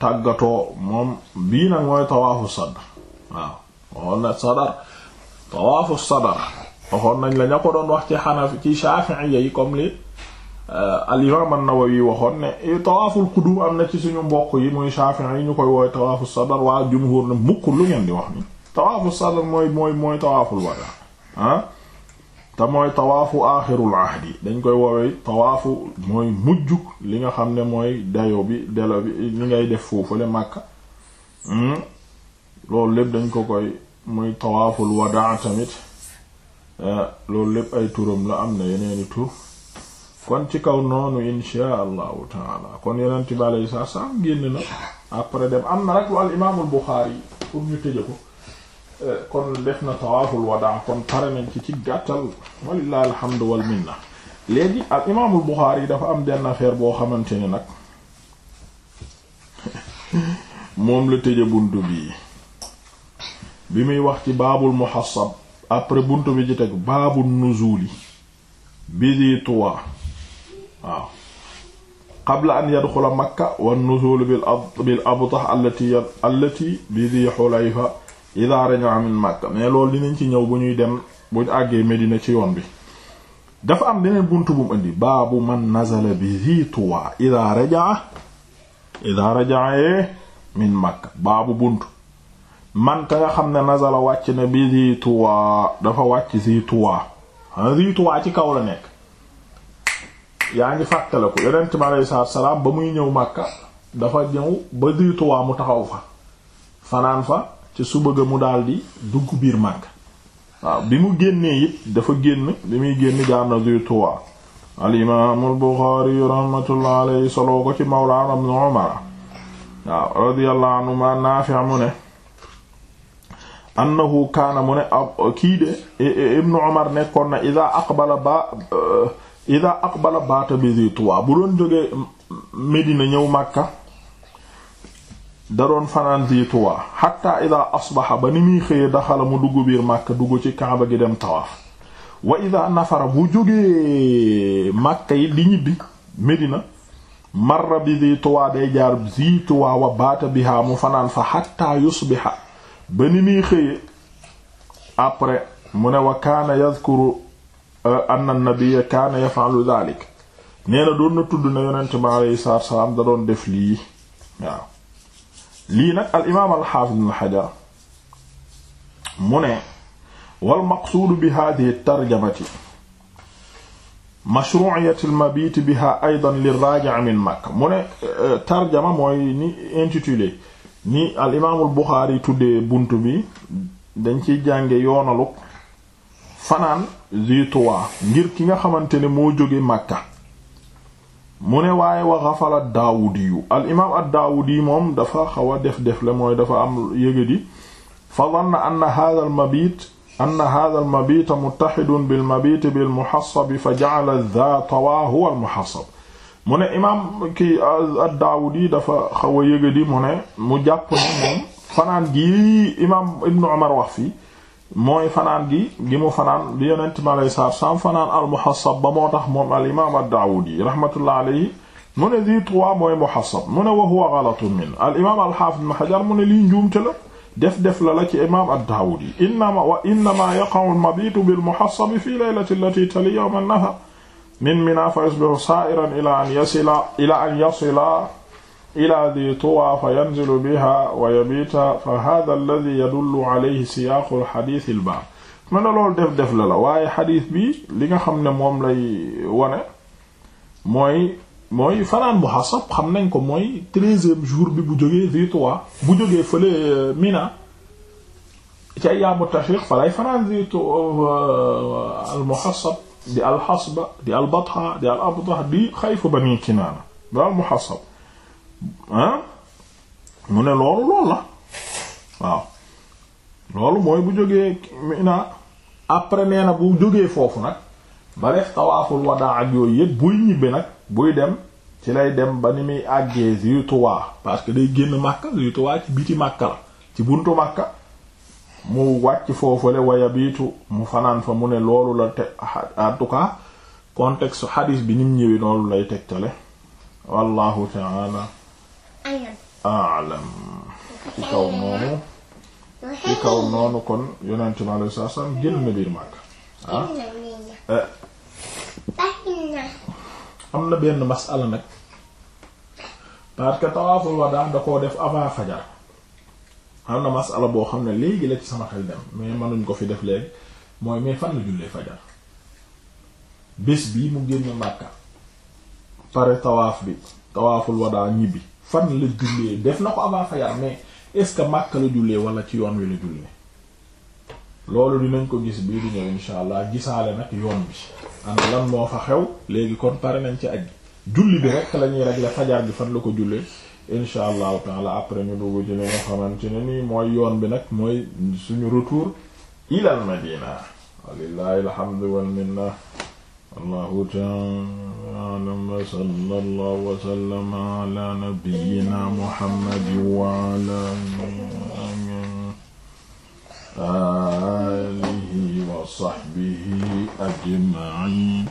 tàggatoo moom bii nag mooy tawaafu sadr waaw waxoon na sadar tawaafu sadar waxoon nañ la ña ko doon wax ci xanafi ci shafi'iyya yi comme li euh, al imam an-Nawawi waxoon ne eh, tawaaful qudum am na ci suñu mbokk yi muy shafi'i yi ñu koy woowe tawaafu sadar waa jumhur na mukk lu ngeen di wax ni tawaafu sadar mooy mooy mooy tawaaful wada ah mooy tawaafu aaxirul ahdi dañ koy woowee tawaafu mooy mujjug li nga xam ne mooy dayo bi delo bi li def foofule Makka hmm? lépp dañ ko koy muy tawaaful tamit Ah, loolu lépp ay turam la am na yeneeni tur kon ci kaw noonu insha allahu taala kon yeneen bi aleyi saatu salaam génn na après dem am na rek lu al imaamul Buxaari pour ñu tëje ko eh, kon def na tawaaful wadaa kon pare nañ ci ci gàttal walillahi alhamdu wal léegi al imaamul dafa am benn affaire boo xamante ni nag [laughs] moom la tëje bunt bii bi muy wax ci baabul muhassab après buntu bi ci tegu baabu nuzuli bi di tuwa waaw an yadxula makka wa nuzul bil ab bil abtah allati allati bi di xulayfa ida raja'a min makka mais loolu dinañ ci ñëw bu ñuy dem buñ àggee Medina ci yoon bi dafa am beneen buntu bu mu indi baabu man nazala bi tuwa ida raja'a min makka baabu buntu man ka nga xam ne nasala wàcc na bi zi tuwa dafa wàcc zi tuwa ah ci kaw la nekk yaa ngi fàttaliku yonent mi aleyhi salaatu salaam ba muy ñëw Makka dafa ñëw ba zi tuwa mu taxaw fa fanaan fa ci suba ga mu daldi dugg biir Makka waaw bi mu génnee it dafa génn bi muy génn jaar na zi tuwa al imaamu al Buxaari rahmatullahi alayhi soloo ko ci mawlaana ibn Umar waaw radiyallahu anhu ma Naafi' mu ne annahu kaana mu ne kii de ibnu Umar nekkoon na ida aqbala ba uh, ida aqbala baata bi Zi Tuwa bu doon jógee Medina ñëw Makka da doon fanaan Zi Tuwa xatta ida asbaxa ba ni muy xëyee daxala mu dugg biir Makka dugg ci Kaaba gi dem tawaaf wa ida nafara bu jógee Makka yi di ñibbi Medina marra bi Zi Tuwa day jaar Zi Tuwa wa baata biha mu fanaan fa xatta yusbixa ba ni muy xëyee après mu ne wa kaana yadhkuru euh, anna nabiyya kaana yaf'alu dhalik nee na doon na tudd na yonent bi aleyhi salaatu wa salaam da doon def lii waaw lii nag al imaam al xaafid ibn Hajar mu ne wal maqsuudu bi haadihi tarjamati mashru'iyati al mabiit biha aydan lirraaji' min Makka mu ne euh, tarjama mooy ni intitulé ni al imaamul Buxaari tuddee bunt bi dañ ciy jànge yoonaluk fanaan Zi Tuwa ngir ki nga xamante ne moo jóge Makka mu ne waaye wa xafala daawudi yu al moom dafa xaw a def def la mooy dafa am yëgadi fa danna anna hadha al mabit anna hadha bi mabita muttaxidun bil fa jacala Za Tuwa huwa al muxasab mu ne imaam kii ad-Daawudi dafa xaw a yëgadi mu mu jàpp ne moom fanaan gi imaam Ibnu Umar wax fii mooy fanaan gi gi mu fanaan li yonent mi alayhi salaatu salaam fanaan al-Muhassab ba moo tax moom al-imaam ad-Daawudi rahmatullah alayhi mu ne di trois mooy Muhassab mu ne wa huwa ghalatun min al-imaam al-Haafiz Ibn Hajar mu ne lii njuumte la def def la ci imaam ad-Daawudi innama wa innama yaqa'u al-mabiitu bil-Muhassab fii laylati allatii talii yawm an-nahar min Mina fa yasbihu saa'iran ilaa an yasila ilaa an yasila ilaa dhi tuwa fa yanzilu biha wa yabiita fa al-hadiith al la waaye xadiis bi li nga xam ne moom lay wane mooy xam nañ ko mooy treizième jour bi bu bu jógee fële euh, Mina ci ayyaamu tashriiq di alxasba di albatha di al abtah bi xayfa ba kinaana ki muhassab ah mu ne loolu loolu la waaw loolu mooy bu jógee Mina après nee na bu jógee foofu nag ba def tawaaful wadaa ak yooyu yëpp buy ñibbi nag buy dem ci lay dem ba ni muy àggee Ziyutuwaa parce que day génn Makka Ziyutuwaa ci biti Makka la ci buntu Makka mu wàcc foofu foofale wayabiitu mu fanaan fa mu ne loolu la te en tout cas bi nim ñëwi loolu lay tegtale wallahu taala aalam ci kaw noonu ci kon yonente mi alei saat selaam génn na biir màgg ah? eh? am na benn masala nag parce que tawaaful wadaa da koo def avant fajar am na masala boo xam ne léegi la ci sama xel dem mais mënuñ ko fi def léegi mooy mais fan la jullee fajar bés bii mu génn Makka pare tawaaf bi tawaaful wadaa ñibbi fan la jullee def na ko avant fajar mais est-ce que Makka la jullee wala ci yoon wi la jullee loolu dinañ ko gis bii di ñëw insha allah gisaale nag yoon bi ana lan moo fa xew léegi kon pare nañ ci aj julli bi rekk la ñuy régler fajar bi fan la ko jullee insha allahu taala après ñu dugg ci li nga xamante ne nii mooy yoon bi nag mooy suñu retour ila al madina walillahi alhamdu wal minna allahu taala alam wa sallallahu wa sallama ala nabiyyina muhammad wa ala alihi wa sahbihi ajma'in